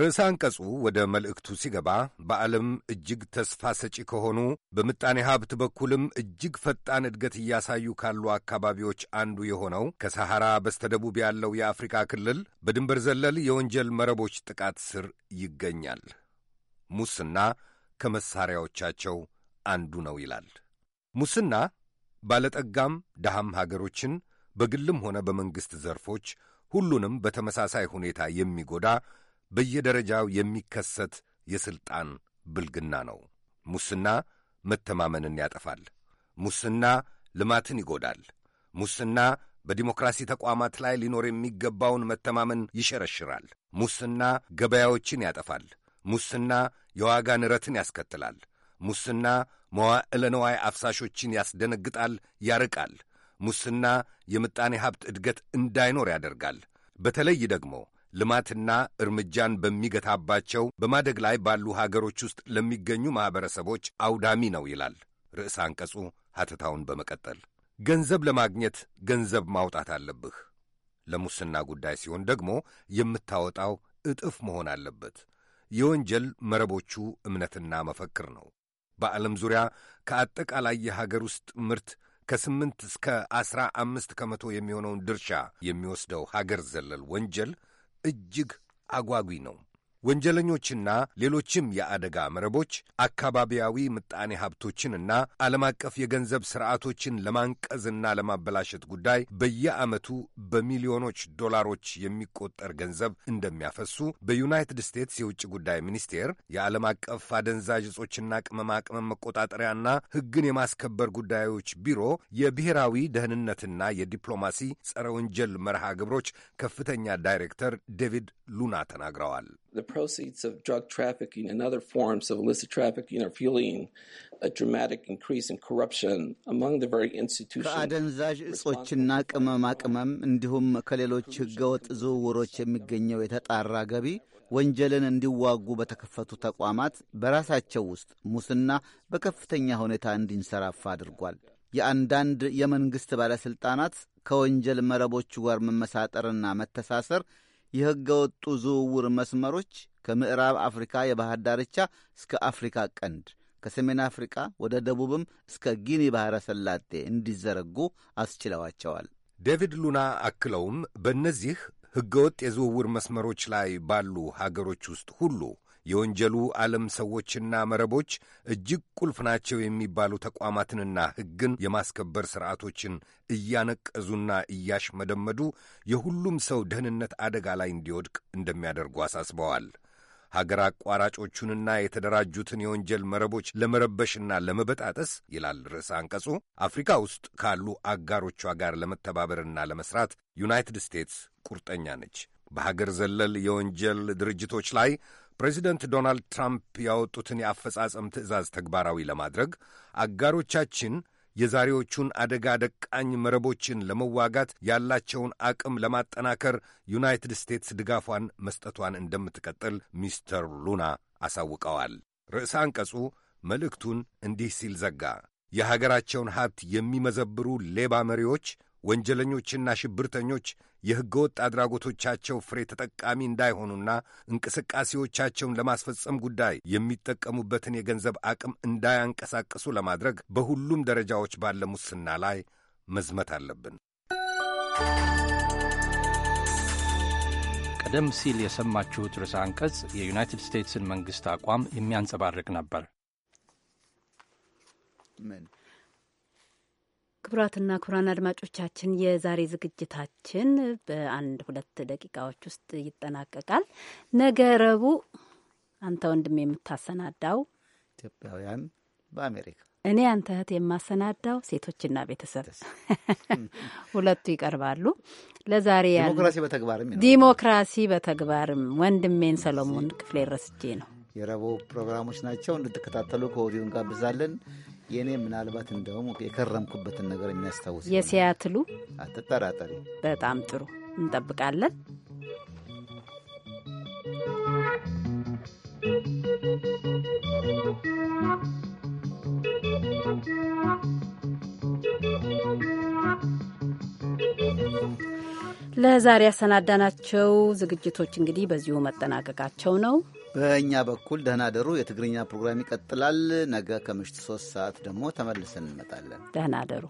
ርዕሰ አንቀጹ ወደ መልእክቱ ሲገባ በዓለም እጅግ ተስፋ ሰጪ ከሆኑ በምጣኔ ሀብት በኩልም እጅግ ፈጣን እድገት እያሳዩ ካሉ አካባቢዎች አንዱ የሆነው ከሰሐራ በስተደቡብ ያለው የአፍሪካ ክልል በድንበር ዘለል የወንጀል መረቦች ጥቃት ስር ይገኛል። ሙስና ከመሳሪያዎቻቸው አንዱ ነው ይላል። ሙስና ባለጠጋም ደሃም ሀገሮችን በግልም ሆነ በመንግሥት ዘርፎች ሁሉንም በተመሳሳይ ሁኔታ የሚጎዳ በየደረጃው የሚከሰት የሥልጣን ብልግና ነው። ሙስና መተማመንን ያጠፋል። ሙስና ልማትን ይጎዳል። ሙስና በዲሞክራሲ ተቋማት ላይ ሊኖር የሚገባውን መተማመን ይሸረሽራል። ሙስና ገበያዎችን ያጠፋል። ሙስና የዋጋ ንረትን ያስከትላል። ሙስና መዋዕለ ነዋይ አፍሳሾችን ያስደነግጣል፣ ያርቃል። ሙስና የምጣኔ ሀብት እድገት እንዳይኖር ያደርጋል። በተለይ ደግሞ ልማትና እርምጃን በሚገታባቸው በማደግ ላይ ባሉ ሀገሮች ውስጥ ለሚገኙ ማኅበረሰቦች አውዳሚ ነው ይላል ርዕሰ አንቀጹ ሐተታውን በመቀጠል ገንዘብ ለማግኘት ገንዘብ ማውጣት አለብህ። ለሙስና ጉዳይ ሲሆን ደግሞ የምታወጣው እጥፍ መሆን አለበት። የወንጀል መረቦቹ እምነትና መፈክር ነው። በዓለም ዙሪያ ከአጠቃላይ የሀገር ውስጥ ምርት ከስምንት እስከ አስራ አምስት ከመቶ የሚሆነውን ድርሻ የሚወስደው ሀገር ዘለል ወንጀል እጅግ አጓጊ ነው። ወንጀለኞችና ሌሎችም የአደጋ መረቦች አካባቢያዊ ምጣኔ ሀብቶችንና ዓለም አቀፍ የገንዘብ ስርዓቶችን ለማንቀዝና ለማበላሸት ጉዳይ በየዓመቱ በሚሊዮኖች ዶላሮች የሚቆጠር ገንዘብ እንደሚያፈሱ በዩናይትድ ስቴትስ የውጭ ጉዳይ ሚኒስቴር የዓለም አቀፍ አደንዛዥ እጾችና ቅመማ ቅመም መቆጣጠሪያና ሕግን የማስከበር ጉዳዮች ቢሮ የብሔራዊ ደህንነትና የዲፕሎማሲ ጸረ ወንጀል መርሃ ግብሮች ከፍተኛ ዳይሬክተር ዴቪድ ሉና ተናግረዋል። the proceeds of drug trafficking and other forms of illicit trafficking are fueling a dramatic increase in corruption among the very institutions. ከአደንዛዥ እጾችና ቅመማ ቅመም እንዲሁም ከሌሎች ህገወጥ ዝውውሮች የሚገኘው የተጣራ ገቢ ወንጀልን እንዲዋጉ በተከፈቱ ተቋማት በራሳቸው ውስጥ ሙስና በከፍተኛ ሁኔታ እንዲንሰራፋ አድርጓል። የአንዳንድ የመንግሥት ባለሥልጣናት ከወንጀል መረቦቹ ጋር መመሳጠርና መተሳሰር የህገወጡ ዝውውር መስመሮች ከምዕራብ አፍሪካ የባህር ዳርቻ እስከ አፍሪካ ቀንድ ከሰሜን አፍሪካ ወደ ደቡብም እስከ ጊኒ ባሕረ ሰላጤ እንዲዘረጉ አስችለዋቸዋል። ዴቪድ ሉና አክለውም በእነዚህ ህገወጥ የዝውውር መስመሮች ላይ ባሉ ሀገሮች ውስጥ ሁሉ የወንጀሉ ዓለም ሰዎችና መረቦች እጅግ ቁልፍ ናቸው የሚባሉ ተቋማትንና ሕግን የማስከበር ሥርዓቶችን እያነቀዙና እያሽመደመዱ የሁሉም ሰው ደህንነት አደጋ ላይ እንዲወድቅ እንደሚያደርጉ አሳስበዋል። ሀገር አቋራጮቹንና የተደራጁትን የወንጀል መረቦች ለመረበሽና ለመበጣጠስ ይላል ርዕሰ አንቀጹ፣ አፍሪካ ውስጥ ካሉ አጋሮቿ ጋር ለመተባበርና ለመስራት ዩናይትድ ስቴትስ ቁርጠኛ ነች። በሀገር ዘለል የወንጀል ድርጅቶች ላይ ፕሬዚደንት ዶናልድ ትራምፕ ያወጡትን የአፈጻጸም ትዕዛዝ ተግባራዊ ለማድረግ አጋሮቻችን የዛሬዎቹን አደጋ ደቃኝ መረቦችን ለመዋጋት ያላቸውን አቅም ለማጠናከር ዩናይትድ ስቴትስ ድጋፏን መስጠቷን እንደምትቀጥል ሚስተር ሉና አሳውቀዋል። ርዕሰ አንቀጹ መልእክቱን እንዲህ ሲል ዘጋ። የሀገራቸውን ሀብት የሚመዘብሩ ሌባ መሪዎች ወንጀለኞችና ሽብርተኞች ወጥ አድራጎቶቻቸው ፍሬ ተጠቃሚ እንዳይሆኑና እንቅስቃሴዎቻቸውን ለማስፈጸም ጉዳይ የሚጠቀሙበትን የገንዘብ አቅም እንዳያንቀሳቅሱ ለማድረግ በሁሉም ደረጃዎች ባለ ሙስና ላይ መዝመት አለብን። ቀደም ሲል የሰማችሁት ርዕሰ አንቀጽ የዩናይትድ ስቴትስን መንግሥት አቋም የሚያንጸባርቅ ነበር። ክቡራትና ክቡራን አድማጮቻችን የዛሬ ዝግጅታችን በአንድ ሁለት ደቂቃዎች ውስጥ ይጠናቀቃል። ነገ ረቡዕ አንተ ወንድም የምታሰናዳው ኢትዮጵያውያን በአሜሪካ እኔ አንተ እህት የማሰናዳው ሴቶችና ቤተሰብ ሁለቱ ይቀርባሉ። ለዛሬ ዲሞክራሲ በተግባርም ዲሞክራሲ በተግባርም ወንድሜን ሰሎሞን ክፍሌ ረስጄ ነው የረቡዕ ፕሮግራሞች ናቸው። እንድትከታተሉ ከወዲሁ እንጋብዛለን። የእኔ ምናልባት እንደውም የከረምኩበትን ነገር የሚያስታውስ የሲያትሉ አትጠራጠሪ። በጣም ጥሩ እንጠብቃለን። ለዛሬ ያሰናዳናቸው ዝግጅቶች እንግዲህ በዚሁ መጠናቀቃቸው ነው። በእኛ በኩል ደህና ደሩ። የትግርኛ ፕሮግራም ይቀጥላል። ነገ ከምሽት ሶስት ሰዓት ደግሞ ተመልሰን እንመጣለን። ደህና ደሩ።